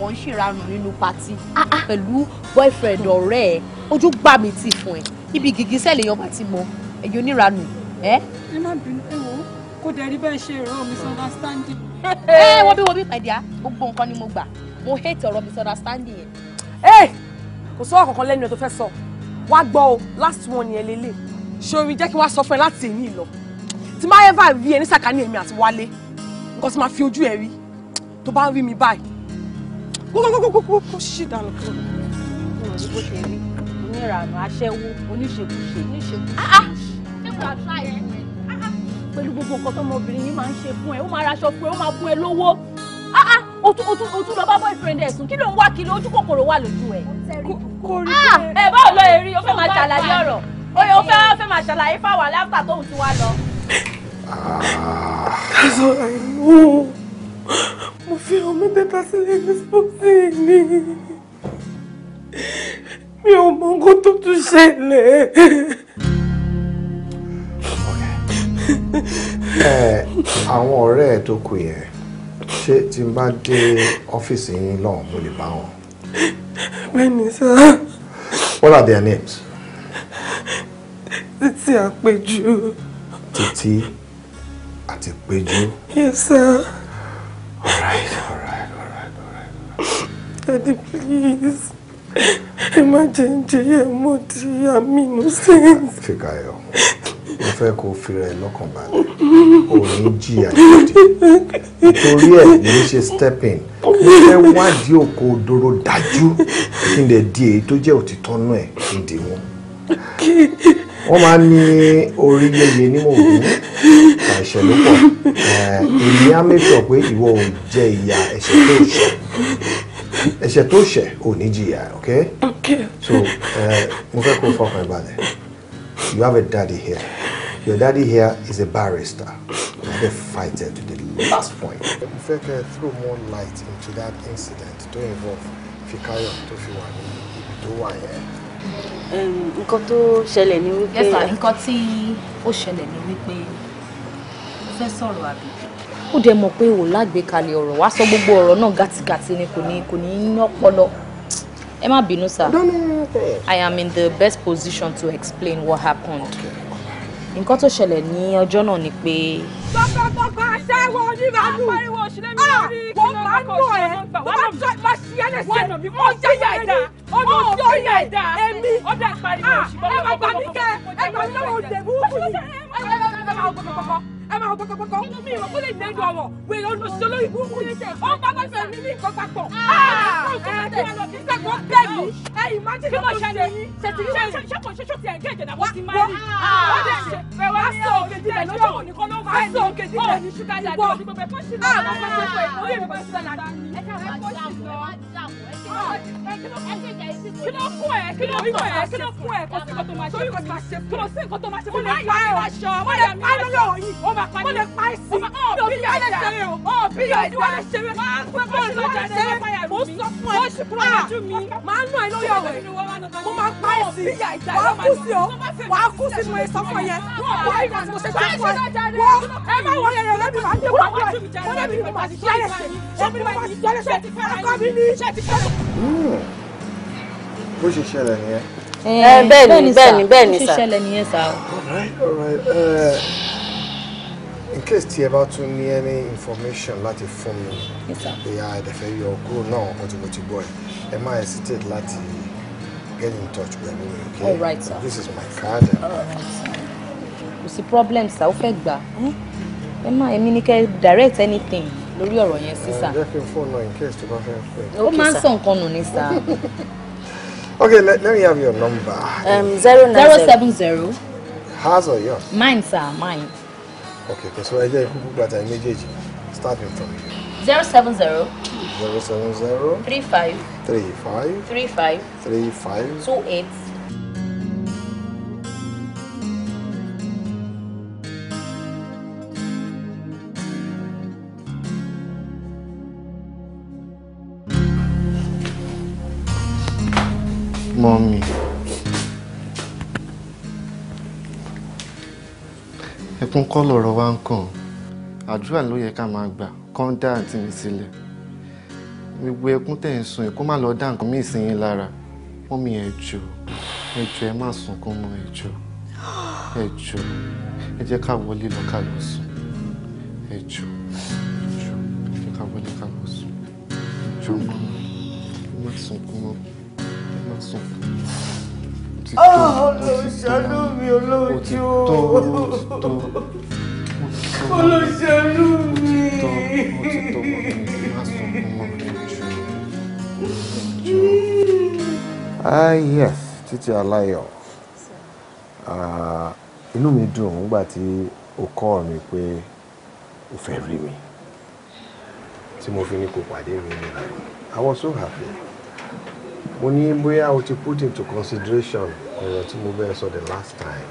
[SPEAKER 2] wọ́n ń ṣèranù nínú patí ah, ah. pẹ̀lú boyfriend ọ̀rẹ́ ẹ̀ ojú gbà mí tì fún ẹ ibi gìgísẹ̀ lèèyàn bá ti mọ ẹ̀yìn oníranù ẹ̀. ẹ má bínú ẹ wò ó kó dẹrí bẹ́ẹ̀ ṣe ìró misunderstanding ẹ wọ́n bí wọ́n bí pàdé à gbogbo nǹkan ni mo gbà mo hate ọ̀rọ̀ misunderstanding yẹn. ẹ kò sọ́wọ́ kankan lẹ́nu ẹ̀ tó fẹ́ sọ wá gbọ́ o last one yẹn lélẹ̀ ṣorí jẹ́ kí wá sọ fún ẹ láti èmi lọ tí máa ever rí ẹ ní sàkání èmi àti wálé nǹkan tí máa fi ojú ẹ rí tó bá ń rí mi báyìí gbogbogbogbogbò kó ṣì dànù kúrò. mo rò ṣe rí oníranú aṣẹ́wó oníṣekúṣe oníṣekúṣe. ah ah pẹ̀lú gbogbo nǹkan tọmọbìnrin yìí máa ń ṣe fún ẹ ó máa raṣọ fún ẹ ó máa fún ẹ lówó ah, ah, o tún lọ bá boyfriend ẹ̀ sùn kí ló ń wá kiri ojú kòkòrò wà lójú ẹ. kò rí ah, bẹ́ẹ̀ ẹ báwo lọ èrí o fẹ́ máa ṣàlàyé ọ̀rọ̀ oye o fẹ́ fẹ́ máa ṣàlàyé fáwọn aláǹtà tóun ti wá lọ.
[SPEAKER 1] that's all I know mo fi hàn mí dẹ́ta sílẹ̀ ní spọ́ọ̀tì ni mi ò mọ nǹkan tó tún ṣẹlẹ̀.
[SPEAKER 4] ẹ àwọn ọ̀rẹ́ ẹ̀ tó kù yẹn ṣé tí n bá dé ọ́fíìsì yín lọ́hùn mo lè bá wọn. bẹ́ẹ̀ni sá. what are their names.
[SPEAKER 1] títí àpèjú.
[SPEAKER 4] títí àti péjú.
[SPEAKER 1] yes sir. all right all right all right all right. daddy please ẹ má jẹ́ ń jẹ́ yẹ̀ aminu sins. Fikayo
[SPEAKER 4] mo fẹ́ kó fira ẹ lọ́kàn balẹ̀ ò jìyà
[SPEAKER 1] jìdì nítorí
[SPEAKER 4] ẹ̀ ní ṣe stepping mo fẹ́ wádìí òkò òdòrò dájú kí n lè di èyí tó jẹ́ òtítọ́ náà ẹ̀ kí n dì mú. wọ́n máa ń ní orílẹ̀-èdè ní mòwú ẹ̀ṣẹ̀ ló pọ̀ èmi á mẹ́sọ̀ pé ìwọ ò jẹ ìyà ẹ̀ṣẹ̀ tó ṣẹ̀ ẹ̀ṣẹ̀ tó ṣẹ̀ ò ní jìyà ok so mo fẹ́ kó fọkàn balẹ̀. You have a daddy here. Your daddy here is a barrister, not a fighter to the last point. Mo fẹ́ kẹ́ throw more light into that incident to involve Fikayo tó fi wà ní
[SPEAKER 2] ibi tó wà yẹn. Yes sir, nǹkan tí ó ṣẹlẹ̀ ni wípé mo fẹ́ sọ̀rọ̀ àbí. Ó oro. mọ̀ pé wò lágbèékalẹ̀ ọ̀rọ̀ wá sọ gbogbo ọ̀rọ̀ náà ni kò ní kò ẹ má bínú sir i am in the best position to explain what happened nǹkan tó ṣẹlẹ̀ ní ọjọ́ náà ni pé. tọkàntọkàn aṣẹ́wó oníbàálù ah, wọ́n máa ń lọ ẹ̀ wọ́n máa tọ́ ìbá sí ó ti ẹ̀dá ó ti yà ẹ̀dá èmi ẹ̀ bàbá mi kẹ́ ẹ̀ bàbá mi lọ́wọ́ òdèbú ẹ máa kọkọkọkọ mi ìwọ kó lè gbé ju ọ̀rọ̀ wèrè olùsọ lórí burúkú ó bá bá fẹ́ mi ní nǹkan papọ̀ ẹ kí wọn lọ mi ẹ yìí má ti lọ ṣe yín ṣètì ṣe ṣẹkọ ṣẹṣọ ti ẹgẹ ìjẹdà wọn ti má rí wọn dẹ ṣe ẹ wá sọ òkè dílẹ lọ́jọ́ òní kọ ló máa sọ òkè dílẹ ní ṣúgà kí ló fún ẹ kí ló fún ẹ kí ló fún ẹ kò sí nǹkan tó máa ṣe kò sí nǹkan tó máa ṣe mo lè pa ẹ aṣọ mo lè pa ẹ lọ́wọ́ yìí o máa pa ẹ mo lè pa ẹ sí o bí yà jà o bí yà jà o ṣe máa ń pẹ́ bọ́ọ̀lù lọ́jà ṣe mo sọ fún ẹ oṣù kúrò lójú mi máa ń nù ẹ lórí ọ̀rẹ́ mo máa pa ẹ sí wàá kú sí o wàá kú sí mo sọ fún yẹn wàá ìgbà tí mo ṣe sọ fún ẹ wọ ẹ má wọ yẹn lẹ́bi máa ń dé wọ́n lẹ́bi máa ti jẹ́ ẹ̀ṣẹ̀ ẹ̀mi máa ti jẹ́ ẹ̀ṣẹ̀ akọ́bí ni. Hmm.
[SPEAKER 4] bó ṣe ṣẹlẹ̀ nìyẹn.
[SPEAKER 2] Eh, eh, bẹ́ẹ̀ ni bẹ́ẹ̀ ni bẹ́ẹ̀ ni sà bó ṣe ṣẹlẹ̀ nìyẹn sà.
[SPEAKER 4] Eh, in case tí ẹ bá tún ní any information láti fún mi ìyá ẹ̀dẹ̀fẹ́ yọ kúrò náà ọkọ tí mo ti gbọ́ ẹ ẹ má hesitate láti get in touch with me, okay All right, sir. this is my card.
[SPEAKER 2] kò sí problem sà ó fẹ́ gbà hmm? ẹ má èmi ní kẹ́ direct anything lórí ọ̀rọ̀ yẹn sí sà. ó máa ń sọ nǹkan nù ní sà.
[SPEAKER 4] okay let, let me have your number.
[SPEAKER 2] Um, zero nine zero seven zero. hers or yours. mine sir mine.
[SPEAKER 4] okay kò sọ ẹjẹ ikú gbogbo àtàwọn méjèèjì starting from here.
[SPEAKER 2] zero seven zero.
[SPEAKER 4] zero seven zero. three five. three five. three five. three five.
[SPEAKER 2] two eight.
[SPEAKER 7] ẹkún kọ́ lọ̀rọ̀ wa ń kàn àdúrà ló yẹ ká máa gbà kán dá àǹtí mi sílẹ̀ gbogbo ẹkún tẹ̀ ń sun ẹ̀ kó má lọ dá nǹkan míì sí yín lára mọ́ mi ẹ jọ̀ọ́ ẹ jọ̀ọ́ ẹ má sunkún mọ́ ẹ jọ̀ọ́ ẹ jọ̀ọ́ ẹ jẹ́ ká wọlé lọ ká lọ sùn ẹ jọ̀ọ́ ẹ jọ̀ọ́ ẹ jẹ́ ká wọlé ká lọ sùn ẹ jọ̀ọ́ mọ́.
[SPEAKER 5] Ah, ti tó olùṣàánú mi olóòjú
[SPEAKER 6] o
[SPEAKER 1] olùṣàánú mi.
[SPEAKER 4] ah yes títí aláyọ̀ ah, inú mi dùn nígbà tí o kọ́ mi pé o fẹ́ rí mi tí mo fi ní kó pàdé mi nígbà I was so happy mo ní bóyá o ti put into consideration ọ̀rọ̀ tí mo bẹ́ẹ̀ sọ the last time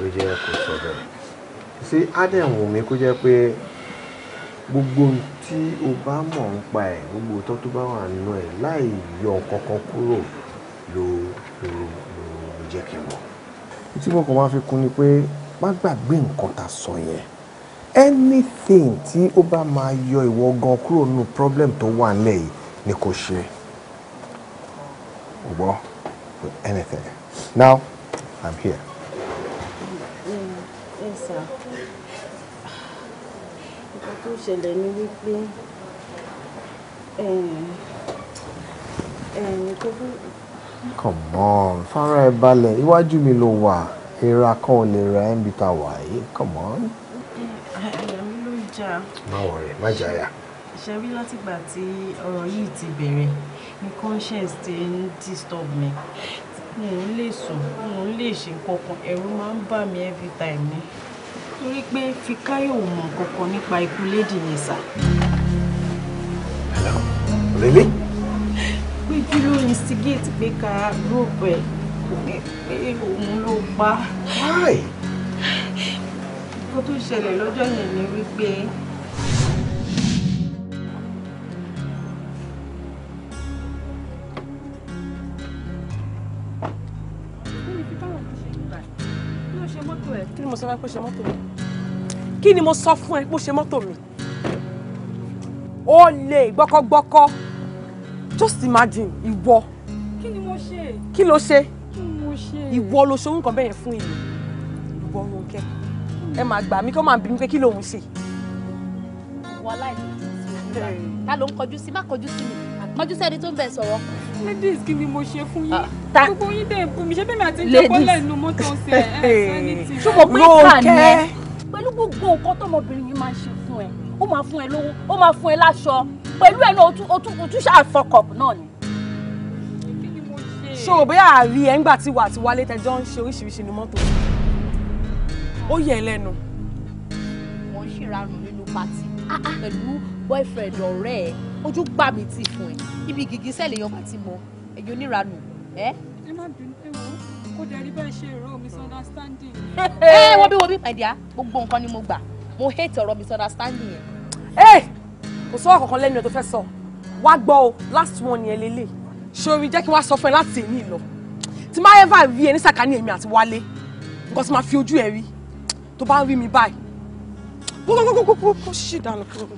[SPEAKER 4] ló jẹ́ kó sọ bẹ́ẹ̀ sí ádẹ́wọ̀n mi kó jẹ́ pé gbogbo tí o bá mọ̀ ń pa ẹ̀ gbogbo tó tó bá wà nínú ẹ̀ láì yọ kankan kúrò ló ló ló jẹ́ kí n mọ̀. tí mo kàn máa fi kún ni pé má gbàgbé nǹkan tá a sọ yẹn anything tí ó bá máa yọ ìwọ gan kúrò nínú problem tó wà nílẹ̀ yìí ni kò ṣe. Ubo, with anything. Now, I'm here.
[SPEAKER 2] Yes, sir.
[SPEAKER 1] Eh, eh,
[SPEAKER 4] come on, fara ẹ balẹ̀, iwájú mi ló wà, Here I ò lè ra ẹ̀mí ta come on. No worry.
[SPEAKER 1] My jà. Shall we má jà yà.
[SPEAKER 2] Ṣé rí látìgbà tí ọ̀rọ̀ My conscience ti disturb me. mi ò lè sùn mi ò lè ṣe kankan ẹ̀rù máa ń bà mí every time ni torí pé Fikáyọ̀ ò mọ̀ kankan nípa ikú lady yẹn sà. hello really. pé kí ló instigate pé ká group ẹ pé òun ló pa. why. nǹkan tó ṣẹlẹ̀ lọ́jọ́ yẹn ni wípé. mo sọ fún ẹ kó ṣe mọ́tò mi kí ni mo sọ fún ẹ kó ṣe mọ́tò mi ó lè gbọ́kọ́gbọ́kọ́ just imagine ìwọ kí ni mo ṣe kí ló ṣe ìwọ ló ṣe orúkọ bẹ́ẹ̀ yẹn fún ìlú ìwọ Ronke ẹ máa gbà mí kó máa bí mi pé kí lòun ṣe. wàhálà ìlú ta ló ń kọjú sí má kọjú sí mi kọjú sẹ́ni tó ń bẹ̀ sọ̀rọ̀. ladies kí ni mo ṣe fún yín ah, gbogbo yín dẹ̀ bù mí ṣé bẹ́ẹ̀ mi àti ìjẹ́kọ́lẹ̀ inú mọ́tò ṣe ẹ̀ sanity. ṣùgbọ́n pé kàn ẹ́ pẹ̀lú gbogbo nǹkan tọmọbìnrin yìí máa ń ṣe fún ẹ ó máa fún ẹ lówó ó máa fún ẹ láṣọ pẹ̀lú ẹ̀ náà o tún ṣàfọkọ̀ náà ni ṣó o bóyá àrí ẹ̀ ńgbà tí wà àti wálé tẹjọ́ ń ṣe oríṣiríṣi ní mọ́tò ó yẹ lẹ́nu. wọ́n ṣèrànù nínú pátì ah, ah. pẹ̀lú boyfriend ọ̀rẹ́ ẹ̀ ojú gbà mí ti fún ẹ ibi gígí sẹ́lẹ̀ yan bá ti mọ ẹ̀yin oníranù ẹ. ẹ má bínú ẹ wò ó dẹrí bẹ́ẹ̀ ṣe èrò misunderstanding. ẹ wọ́n bí wọ́n bí pàdé gbogbo nǹkan ni mo gbà mo hate ọ̀rọ̀ misunderstanding yẹn. ẹ kò sọ́wọ́ kankan lẹ́nu ẹ̀ tó fẹ́ sọ wá gbọ́ o last one yẹn lélẹ̀ sori jẹ́ kí wọ́n sọ fún ẹ láti èmi lọ tí máa ever rí ẹ ní sàkání èmi àti wálé nǹkan tí máa fi ojú ẹ rí tó bá ń rí mi báyìí bó bó bó bó bó ṣì dànù kúrò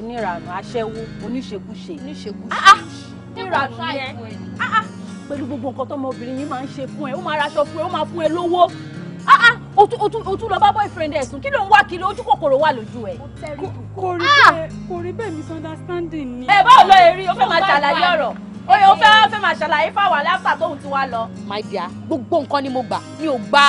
[SPEAKER 2] oníranú aṣẹ́wó oníṣekúṣe. oníṣekúṣe ah, ah, níranú yẹn ah, pẹ̀lú gbogbo nǹkan tọmọbìnrin yìí máa ń ṣe fún ẹ ó máa raṣọ fún ẹ ó máa fún ẹ lówó o tún lọ bá boyfriend ẹ sùn kí ló ń wá kiri ojú kòkòrò wà lójú ẹ. kò rí bẹ́ẹ̀ kò rí bẹ́ẹ̀ misunderstanding ni. ẹ báwo lọ èrí o fẹ́ máa ṣàlàyé ọ̀rọ̀ oye o fẹ́ fẹ́ máa ṣàlàyé fáwọn aláfà tóun ti wá lọ. my dear gbogbo nǹkan ni mo gbà mi ò gba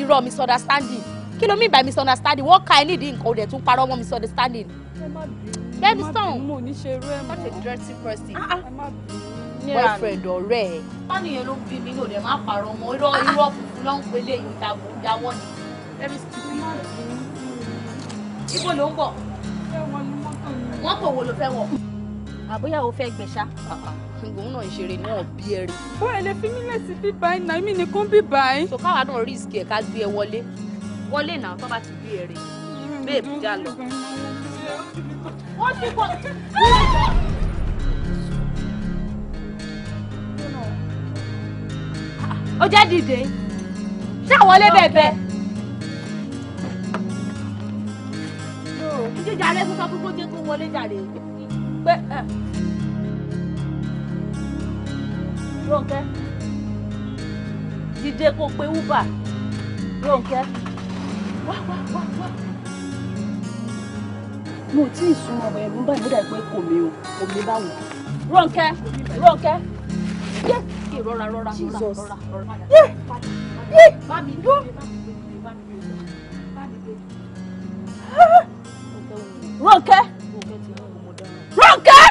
[SPEAKER 2] irọ́ misunderstanding kí ló mean by misunderstanding wọ́n ka ẹ nídìí nǹkan ò dẹ̀ tún parọ́ mọ́ misunderstanding. ẹ má bínú bẹ́ẹ̀ni sọ̀hún mo ní ṣe irú ẹ̀ mọ́ such a dirty person ah, ah. boyfriend ọ̀rẹ́ ẹ̀. fani yẹn ló bí mi ní òde má parọ́ mọ́ irọ́ ah, irọ́ fùfú ló ń pelé yìí ìdàgbò ìdáwọ́ ni very stupid. ibo ló ń bọ̀ wọ́n kò wo ló fẹ́ wọ̀. àbúyàwó fẹ́ gbẹ̀ṣà òun náà ìṣeré náà bí ẹ rí. bó ẹ lè fi mí lẹ́sìn bí báyìí náà èmi nìkan bí báyìí. so káwa náà rísìkì ẹ̀ ká gbé ẹ wọlé wọlé náà tó bá ti bí ẹ rí bẹ́ẹ̀ bí dá lọ ó ti pọ̀ ó jẹ́ dìde ṣé àwọn lé bẹ̀bẹ̀. jíjà rẹ sọ fún kójú tó wọlé jàre pé ẹ Rónkẹ́ dìde kó pe uber Rónkẹ́ wá wá wá wá mo tí ì sun ọbẹ̀ ẹ̀rù ń báyìí mo dà pé kò mí o kò mí báwo. Rónkẹ́ Rónkẹ́ yé kí rọra rọra rọra rọra yé yé bá mi dúró. Rónkẹ́ Rónkẹ́.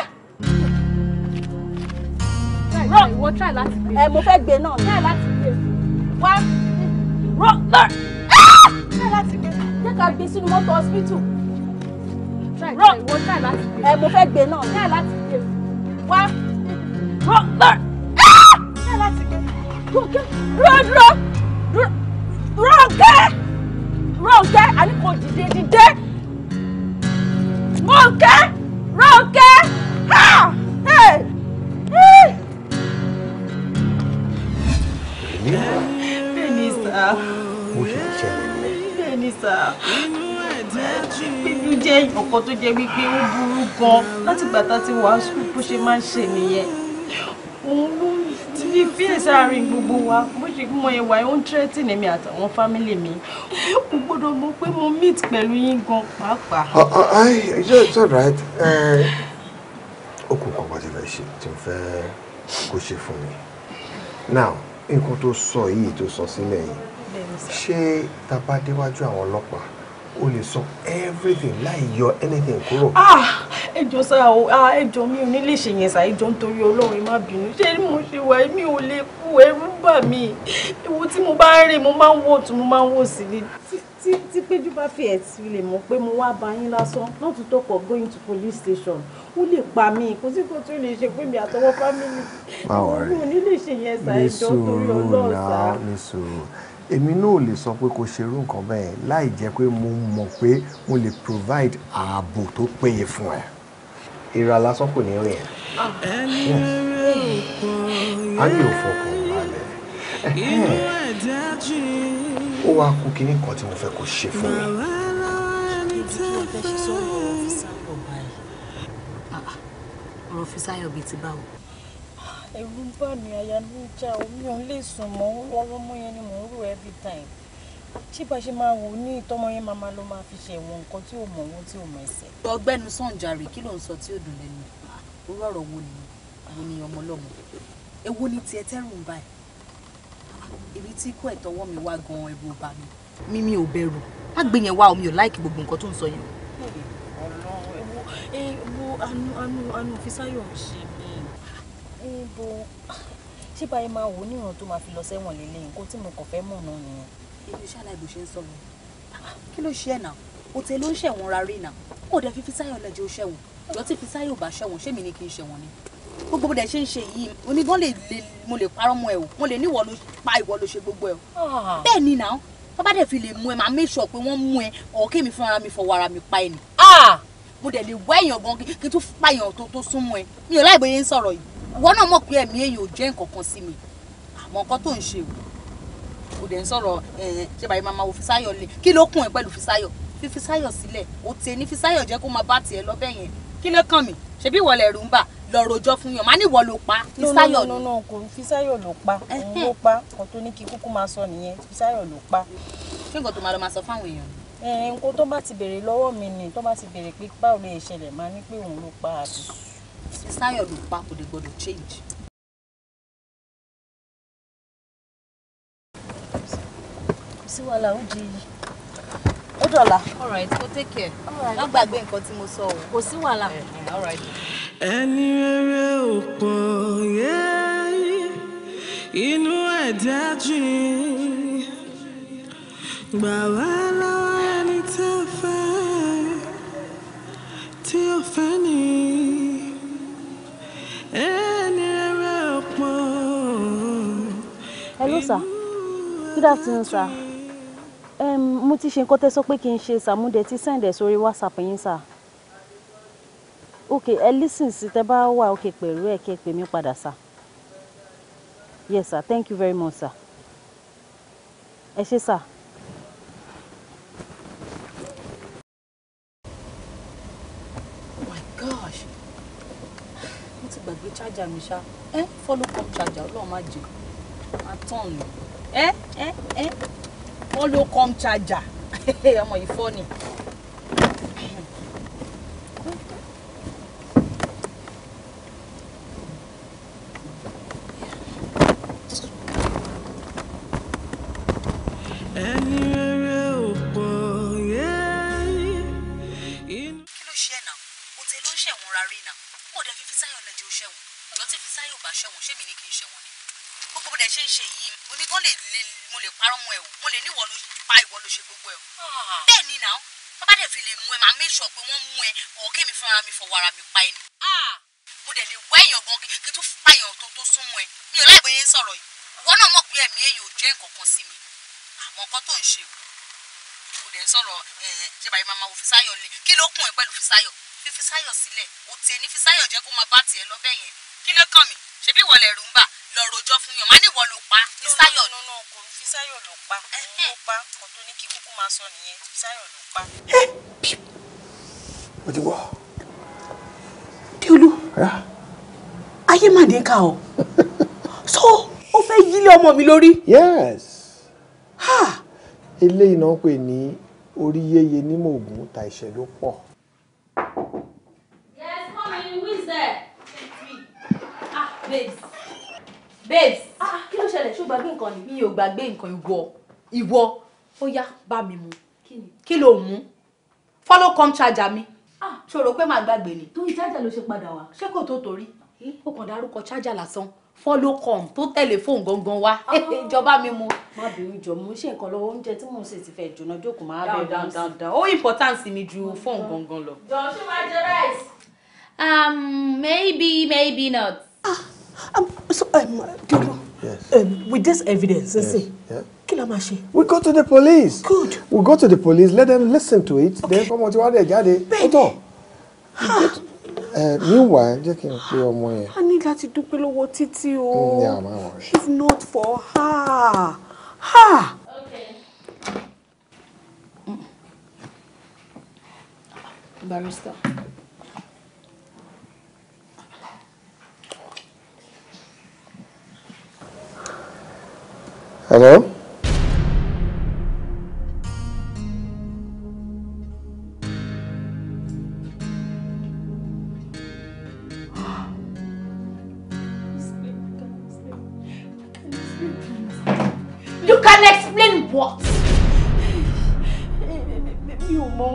[SPEAKER 2] Ìwọ try láti gbé. Ẹ mo fẹ́ gbé náà. Try láti gbé. Wá. Rónkẹ́. Try láti gbé. Jẹ́ ká gbé sínú mọ́tò hospital try try ìwọ try láti gbé. ẹ mo fẹ́ gbé náà. try láti gbé wá. rọ rọ try láti gbé. Rónkẹ́ rọ rọ Rónkẹ́ Rónkẹ́ àní kò dìde dìde. Rónkẹ́ Rónkẹ́ ha jẹ́ ọ̀kan tó jẹ́ wípé ó burú gan láti gbàtà tí wàá sùn bó ṣe máa ń ṣe nìyẹn òun ló ní fíẹ̀ sáàárín gbogbo wa bó ṣe mọ ẹwà ẹ̀ ó ń tírẹ́tì nẹ̀mí àtàwọn fámílì mi kò gbọ́dọ̀ mọ̀ pé mo meet pẹ̀lú yín gan pàápàá.
[SPEAKER 4] it's all right ó kù kọ́ pàtó fẹ́ ṣe tí mo fẹ́ kó ṣe fún mi now nǹkan tó sọ yìí tó sọ sílẹ̀
[SPEAKER 1] yìí
[SPEAKER 4] ṣé tá a bá déwájú àwọn ọlọ́pàá o lè sọ everything láì yọ anything
[SPEAKER 2] kúrò. Ah, ẹjọ́ sá o ah, ẹjọ́ mi ò ní lè ṣèyẹn sá ẹjọ́ nítorí Ọlọ́run ẹ má bínú ṣé mo ṣe wà mí ò lè kú ẹrú bà mí ewu tí mo bá ń rìn mo máa ń wò tún mo máa ń wò sí ni. tí tí péjú bá fi ẹ̀sìn lè mọ̀ pé mo wá bá yín lásán not to talk of going to police station ó lè pa mí kò sí kó tún lè ṣe pé mi àtọwọ́ fámìlì mi ò ní lè ṣèyẹn sá ẹjọ́ nítorí Ọlọ́run
[SPEAKER 4] sá èmi náà ò lè sọ pé kò ṣerú nǹkan bẹ́ẹ̀ láì jẹ́ pé mo mọ̀ pé mo lè provide ààbò tó péye fún ẹ. ìrà lásán kò ní rìn ẹ́.
[SPEAKER 1] a ní òfọkàn balẹ̀.
[SPEAKER 4] ó wáá kú kinní kan tí mo fẹ́ kó ṣe fún
[SPEAKER 1] mi. ọ̀rọ̀ fi sáyọ̀ bíi ti báwo
[SPEAKER 2] ẹ̀rù ń bà mí àyà ló ń já omi òun lè sùn mọ́ lọ́wọ́ mọ́ yẹn ni mò ń rò every time tí bá ṣe máa wò ó ní ìtọ́mọ yẹn máa máa lọ máa fi ṣe ẹ̀wọ̀n nǹkan tí ò mọ̀ owó tí ò mọ̀ ẹsẹ̀. ọ̀gbẹ́ni sanjari kí ló ń sọ tí ó dùn lẹ́nu orú ọ̀rọ̀ wo ni wo ni ọmọ ọlọ́mọ èwo ni tiẹ̀ tẹ́rù ń báyìí ibi tí kò ẹ̀tọ́wọ́ mi wá gan ẹ̀rù ọba mi mímí ò bẹ̀rù má gbé yẹn wá omi ò láìkí gbogbo nǹkan tó ń sọ yẹn. ọlọ́run ẹ wo ẹ wo anú anú sáyọ̀ ń ṣe bo ṣé báyìí máa wò ó níran tó máa fi lọ sẹ́wọ̀n lélẹ̀ nǹkan tí mo kàn fẹ́ mọ̀ náà nìyẹn. èmi ṣe aláìbò ṣe ń sọ̀rọ̀ kí ló ṣe ẹ̀ náà òtẹ ló ń ṣẹ̀wọ̀n ra rí náà kó o dẹ̀ fi Fisáyọ̀ lẹ́jọ́ ṣẹ̀wọ̀n ìjọ tí Fisáyọ̀ bá ṣẹ̀wọ̀n ṣé mi ni kì í ṣẹ̀wọ̀n ni gbogbo bó dẹ̀ ṣe ń ṣe yìí onígbọ́n lè mo lè parọ́ mọ́ ẹ o mo lè ní ìwọ ló pa ìwọ ló ṣe gbogbo ẹ o ah. bẹ́ẹ̀ ni náà wọ́n bá dẹ̀ fi lè mú ẹ máa make sure pé wọ́n ìwọ náà mọ̀ pé ẹ̀mí èèyàn ò jẹ́ nǹkan kan sí mi àmọ́ nǹkan tó ń ṣe o ò dẹ̀ ń sọ̀rọ̀ ṣé bàbá máa wo Fisáyọ̀ lé kí ló kún ẹ pẹ̀lú Fisáyọ̀ fi Fisáyọ̀ sílẹ̀ o tẹ ní Fisáyọ̀ jẹ́ kó máa bá tiẹ̀ lọ́bẹ̀ yẹn kí ló kàn mí ṣebí ìwọ lẹ̀ rú ń bà lọ rojọ́ fún yàn má ní ìwọ ló pa Fisáyọ̀ ló. nínú kò Fisáyọ̀ ló pa òun ló pa nǹkan tó ní kí kúkú máa sọ nìyẹn Fisáyọ̀ ló pa. ṣé nǹkan tó máa lọ máa sọ fáwọn èèyàn nǹkan tó bá ti béèrè lọ́wọ́ mi ni tó bá ti béèrè pé báwo lè ṣẹlẹ̀ máa ní pé òun ló pa àbí Sáyọ̀ ló pa kò lè change. sí wàhálà ó di ó dọ̀la. all go take care. wọ́n gbàgbé nǹkan tí mo sọ o. kò sí wàhálà. Eh,
[SPEAKER 1] eh, ẹni rere ò pọ̀ yé inú ẹ̀dá jìn gbà wá lọ́wọ́ ẹni tá fẹ́ tí ó fẹ́ nìyí hello sir good afternoon sir
[SPEAKER 2] um, mo ti ṣe nǹkan tẹ́ sọ pé kí n ṣe sir mo dẹ̀ ti send sórí whatsapp yín sir ok ẹ listen sí tẹ́ bá wà ok pẹ̀lú ẹ̀ kẹ́ pè mí padà sir yes sir thank you very much sir ẹ ṣé sir. charger mi ṣá ẹ follow up charger ọlọ́run má jẹ má tàn lù ẹ ẹ ẹ follow up charger ọmọ yìí fọ́ ni. ṣe bàyí máa ma wò Fisáyọ̀ lé kí ló kún ẹ pẹ̀lú Fisáyọ̀ fi Fisáyọ̀ o ó tiẹ̀ ní Fisáyọ̀ jẹ́ kó máa bá tiẹ̀ lọ bẹ́ẹ̀ yẹn kí ló kàn mí ṣebí ìwọlẹ̀ ẹ̀rù ń bà lọ rojọ́ fún yàn má ní ìwọ ló pa Fisáyọ̀ ló nà kò Fisáyọ̀ ló pa ló pa kò tó ní
[SPEAKER 1] kí kúkú máa sọ nìyẹn Fisáyọ̀ ló pa.
[SPEAKER 2] mo ti wọ diolu ayé mà ní ká o so o fẹ́ yílé ọmọ mi lórí. yes
[SPEAKER 4] eléyìí náà pè ní orí yéye ní mògùn ta ìṣẹ́ ló pọ̀.
[SPEAKER 2] yes mommy who there. ah babes ah kí ló ṣẹlẹ̀ ṣó gbàgbé nǹkan ni. mi ò gbàgbé nǹkan ìwọ ìwọ ó yá bá mi mu kí ló mú follow come charger mi ah. ṣòro pé màá gbàgbé ni. tó ìjájà ló ṣe padà wá. ṣé kò tó torí ó eh? kàn dárúkọ charger lásán follow come tó tẹ̀lé fóun gangan wa. Ah. ìjọba mi mu. má bínú jọ mo ń ṣe nǹkan lọ́wọ́ oúnjẹ tí mò ń sè ti fẹ́ jóná jókòó máa bẹ dáhùn dáhùn dáhùn ó importance mi ju fóun gangan lọ. jọ ṣé máa jẹ rice. um maybe maybe not. ah um, so um, yes. um, with this evidence yes. say kí la we go to the
[SPEAKER 4] police. good we go to the police let them listen to it. okay then kọ́mọ tí wàá dẹ̀ jáde. bẹ́ẹ̀ni ó Huh ẹ meanwhile jẹ́ kí n pe ọmọ yẹn.
[SPEAKER 2] a ní láti dúpẹ́ lọ́wọ́ títí o if not for her. her. Mm. Barrister. Hello?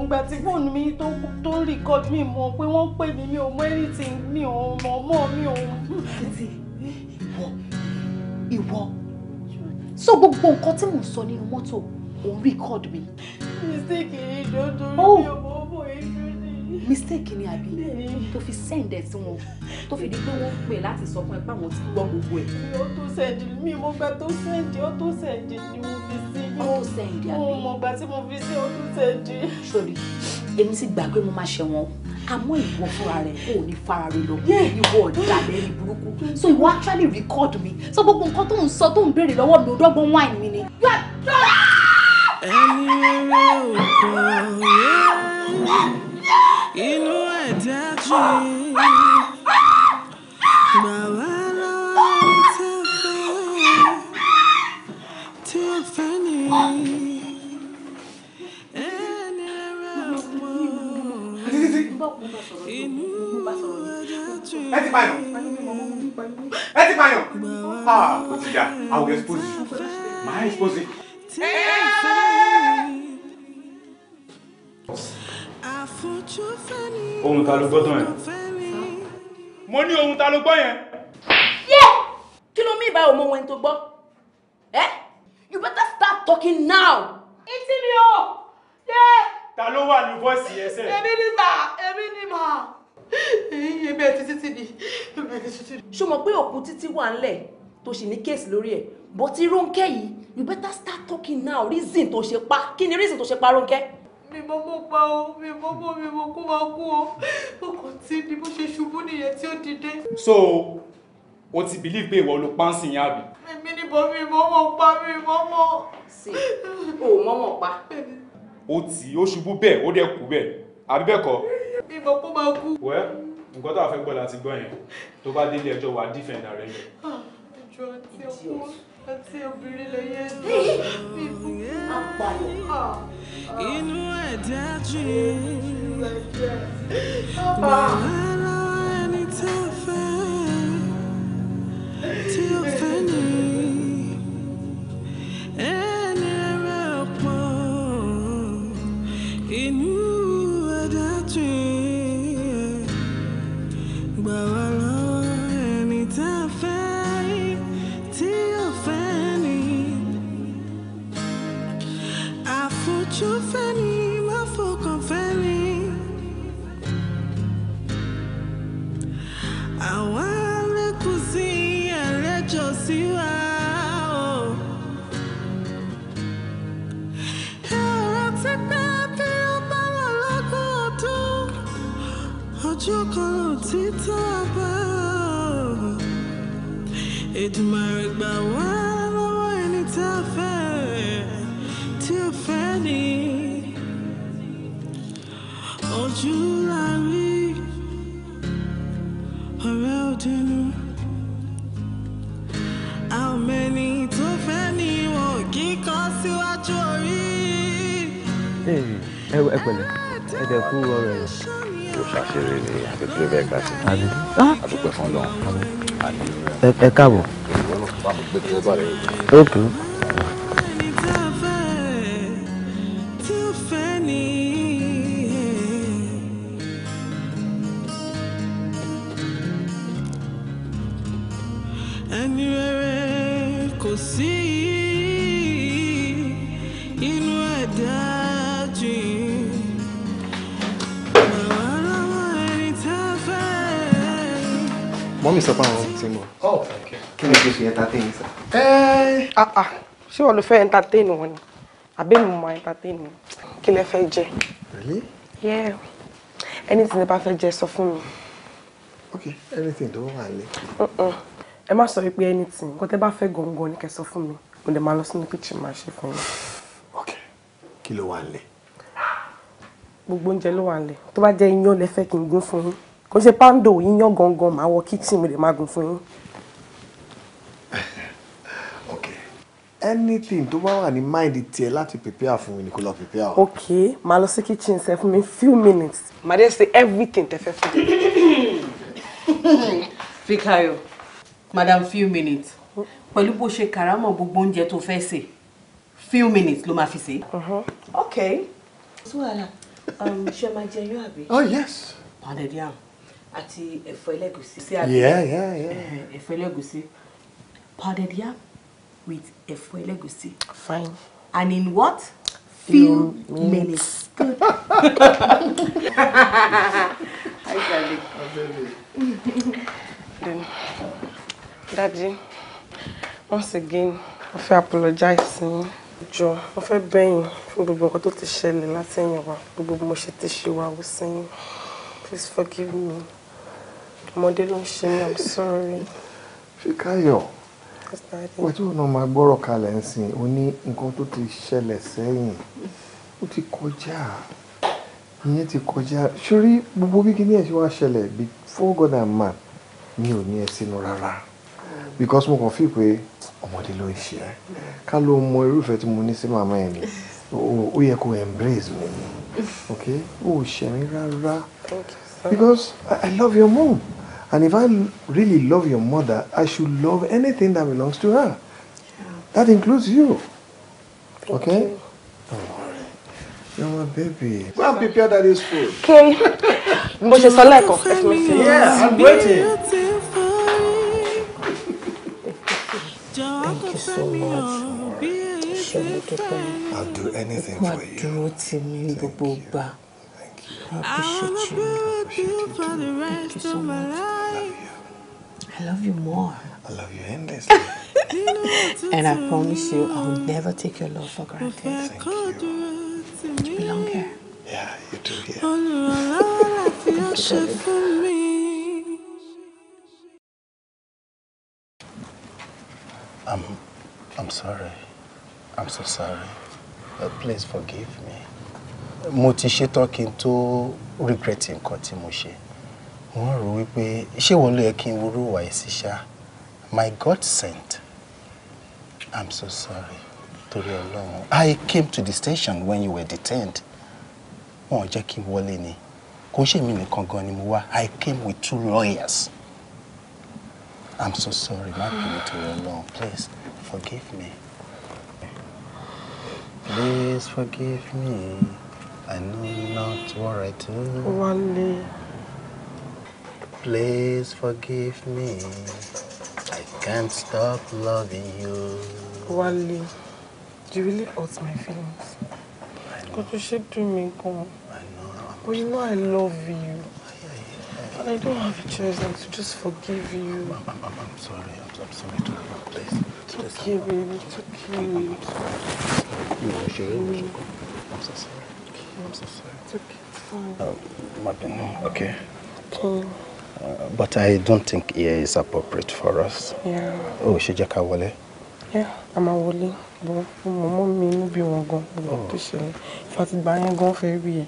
[SPEAKER 2] ìgbà tí fóònù mi tó tó ń record mi mọ̀ pé wọ́n pè mí mi ò mọ anything mi ò mọ̀ mọ́ mi ò. títí ìwọ ìwọ so gbogbo nǹkan tí mò ń sọ nínú mọ́tò òun record mi. mistake yìí dòdò oh. mi ò mistake ni àbí tó fi send ẹ sí wọn tó fi di pé wọ́n pè láti sọ fún ẹ pé àwọn ti gbọ́ gbogbo ẹ̀. ó tó send mi mo gba tó send ó tó send ni mo fi sí mi ó send àbí mo gba tí mo fi sí ó tó send. sori èmi sì gbà pé mo máa ṣe wọn àmọ́ ìwọ fúnra rẹ̀ ò ní fara rẹ̀ lọ ìwọ ọ̀dà lẹ́yìn burúkú so ìwọ actually record mi so gbogbo nǹkan tó ń sọ tó ń béèrè lọ́wọ́ mi ò dọ́gbọ́n wine mi ni.
[SPEAKER 1] ẹni rẹ̀ ò kọ̀ ọ́ jì gbà wá lọ́wọ́ tí ó fẹ́ tí ó fẹ́ ni ẹni ah
[SPEAKER 5] ó ti dà I will expose ohun ta ló gbọ́ tán yẹn.
[SPEAKER 1] mo ní ohun ta ló gbọ́ yẹn.
[SPEAKER 2] yé kí ló mí ìbá òmò wọn tó gbọ́ ẹ you better start talking now.
[SPEAKER 3] etí mi o yé. ta ló wà ní bọ́ọ̀sì ẹsẹ̀. èmi
[SPEAKER 2] ni mà èmi ni mà èmi ẹ títí ti di. ṣó mọ̀ pé òkú títí wà ńlẹ̀ tó sì ní kéèsì lórí ẹ̀ bọ́tí Rónkẹ́ yìí you better start talking now reason tó ṣe pa kí ni reason tó ṣe pa Rónkẹ́
[SPEAKER 1] mi mọ́ mọ́ pa o mi mọ́ mọ́ mi mọ́ kó máa kú o mo kàn tí ni bó ṣe ṣubú nìyẹn tí ó dìde.
[SPEAKER 3] so o ti believe pé ìwọ ló pánsì yẹn àbí.
[SPEAKER 1] mi ni bọ́ mi mọ́ mọ́ pa mi mọ́ mọ́. sí o mọ́ mọ́ pa.
[SPEAKER 3] o tì í ó ṣubú bẹ́ẹ̀ ó dẹ̀ kú bẹ́ẹ̀ àbí bẹ́ẹ̀ kọ́.
[SPEAKER 1] mi mọ̀ kó máa kú.
[SPEAKER 3] wẹ́ nǹkan tó a fẹ́ gbọ́ láti gbọ́ yẹn tó bá délé ẹjọ́ wa dífẹ̀ǹdà rẹ yẹn.
[SPEAKER 1] Ah, ìjọ àti ọkọ àti obìnrin lè yẹ ẹjọ́ apààyàn. inú ẹ̀dá jì wàhálà ẹni tá a fẹ́ tí ó fẹ́. Èdùmàrè gbà wá lọ́wọ́ ẹni tí a fẹ́ tí a fẹ́ ni ojú la rí ọ̀rẹ́ òdenu àwọn ẹni tó fẹ́ ni wọn ò kí kọ́ síwájú orí.
[SPEAKER 3] ẹ ẹ pẹ̀lẹ́ ẹ dẹ kú ọ̀rọ̀ ẹ. yóò
[SPEAKER 5] ṣàṣeré ní àbíkú bẹ́ẹ̀ gbà sí i àdúpẹ́ fún Ọlọ́run ẹ
[SPEAKER 3] káàbọ̀ ok.
[SPEAKER 1] ẹni rere kò sí i.
[SPEAKER 7] mọ́mí sọ pé àwọn ti mọ̀. Oh, kí ni kí n ṣe entertain sir.
[SPEAKER 2] Eh, ah, ah. ṣé wọn ló fẹ́ entertain wọn ni àbí mi
[SPEAKER 3] mọ entertain wọn kí lẹ fẹ́ jẹ.
[SPEAKER 2] anything ẹ bá fẹ́ jẹ sọ fún mi.
[SPEAKER 3] ok anything tó wà lé.
[SPEAKER 2] ẹ má sọ wípé anything nǹkan tẹ bá fẹ́ gangan ni kẹ́ sọ fún mi
[SPEAKER 3] mo dẹ̀ máa lọ sínú kitchen máa ṣe fún mi. ok kí ló wà lé.
[SPEAKER 2] gbogbo oúnjẹ ló wà lé tó bá jẹ́ iyán lẹ fẹ́ kí n gún fún yín kò ṣe pando yíyan gangan màá wọ kitchen mi lè máa gùn fún yín.
[SPEAKER 4] anything tó bá wà ní mind tiẹ̀ láti prepare
[SPEAKER 2] fún mi ni kò lọ prepare. ok màá lọ sí kitchen ṣe fún mi few minutes màá dé ṣe everything tẹ
[SPEAKER 1] fẹ́ fún mi.
[SPEAKER 2] fikayo madam few minutes pẹ̀lú bó ṣe karamọ̀ gbogbo oúnjẹ tó fẹ́ sè few minutes ló máa fi ṣe. Uh-huh. ok. Um, ṣé wàhálà ṣe máa jẹ yóò àbí. oh yes. ọ̀dẹ̀dẹ̀ àwọn àti ẹ̀fọ́ ẹlẹ́gùsí. yeah yeah yeah. Eh, ẹ̀fọ́ ẹlẹ́gùsí pounded yam with ẹ̀fọ́ ẹlẹ́gùsí. fine. and in what? few minutes. good.
[SPEAKER 3] hi darling. Oh, baby.
[SPEAKER 1] then daddy once again mo fẹ́ apologize sí yín mo fẹ́ bẹ̀yìn fún gbogbo nǹkan tó ti ṣẹlẹ̀ látẹ̀yìn wa gbogbo mo ṣe ti ṣe wa ó sẹ́yìn please forgive me ọmọdé ló ń ṣe mí i'm sorry. Fíkáyọ̀
[SPEAKER 4] wọ́n tí wọn náà máa gbọ́rọ̀ kalẹ̀ ń sìn ó ní nǹkan tó ti ṣẹlẹ̀ sẹ́yìn ó ti kọjá ìyẹn ti kọjá sórí gbogbo bí kíní ẹ̀ ṣe wá ṣẹlẹ̀ before God and man mi ò ní ẹ sínú rárá because mo kàn fi pé ọmọdé ló ń ṣe ẹ ká ló mọ irúfẹ́ tí mo ní sí màmá ẹ̀ ni ó yẹ kó embrace mi ok ó ṣẹ̀rín rárá. Okay. Because I, love your mom. And if I really love your mother, I should love anything that belongs to her. Yeah. That includes you. Thank okay? You. Don't worry. You're my baby. Go and prepare daddy's food. Okay. yeah, I'm waiting.
[SPEAKER 1] Thank you so much. I'll do anything for you. Thank you. I wanna be with you for the rest of my life. I love you more. I
[SPEAKER 4] love you endlessly.
[SPEAKER 2] and I promise you, I will never take your love for granted.
[SPEAKER 1] Thank you. You belong here. Yeah, you do here. I'm, I'm sorry. I'm so sorry. But please
[SPEAKER 3] forgive me. mo ti ṣetán kí n tó regret nǹkan tí mo ṣe wọ́n rò wípé ṣé wọ́n ló yẹ kí n wúrú wà sí ṣá my God sent I'm so sorry torí ọlọ́run I came to the station when you were detained wọn ò jẹ́ kí n wọlé ni kò ṣe mí nìkan gan ni mo wá I came with two lawyers I'm so sorry má bínú torí ọlọ́run please forgive me please forgive me. I know not what I do.
[SPEAKER 1] Wale.
[SPEAKER 3] Please forgive me. I can't stop loving you.
[SPEAKER 1] Wale, you really hurt my feelings. I know. But you should do me gone. I know. But you know I love you. And I don't have a choice than to just forgive you. I'm, I'm, I'm sorry. I'm, I'm sorry to you. Please. It's okay, baby. It's okay. I'm
[SPEAKER 3] sorry. I'm sorry. I'm so sorry.
[SPEAKER 1] I'm so sorry. It's okay. It's fine.
[SPEAKER 3] Oh, okay. Okay. Uh, but I don't think here is appropriate for us. Yeah. Oh, ṣé jẹ́ ká wọlé?
[SPEAKER 1] Yeah, a máa wọlé. But mọ̀mọ́ mi inú bí wọn gan. Oh. Tó ṣẹlẹ̀. Ìfàtìgbà yẹn gan fẹ́ rí ẹ̀.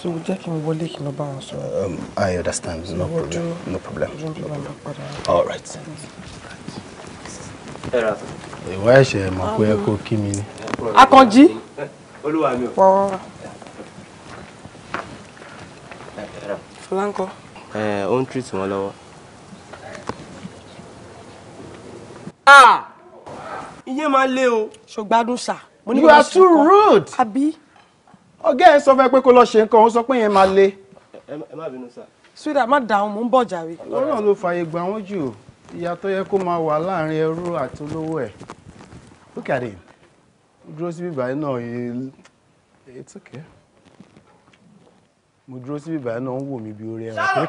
[SPEAKER 1] So we just n wọlé kí n lọ uh, Um,
[SPEAKER 3] I understand. No problem. No problem. No problem. All right. Ìwà ẹ̀ṣẹ̀ mọ̀ pé ẹ kó kí mi ni. Akànjí.
[SPEAKER 5] Olúwa mi Fọlá ńkọ́?
[SPEAKER 3] Ẹ ó ń treat wọn ah! Iye máa lé o. Ṣògbádùn sà. You are too rude. Àbí? Ọ̀gá ẹ̀ sọ fẹ́ pé kó lọ ṣe nǹkan, ó sọ pé yẹn máa lé. Ẹ má bínú sà. Sweet má dààmú, mò ń bọ̀ jàre. Ọlọ́run ló fààyè gbà wọ́n jù o. Ìyà tó yẹ kó máa wà láàrin ẹrú àti Look at him. Dúró sí No, it's okay mo dúró síbi ìbàdàn náà ń wò mí bí orí ẹran.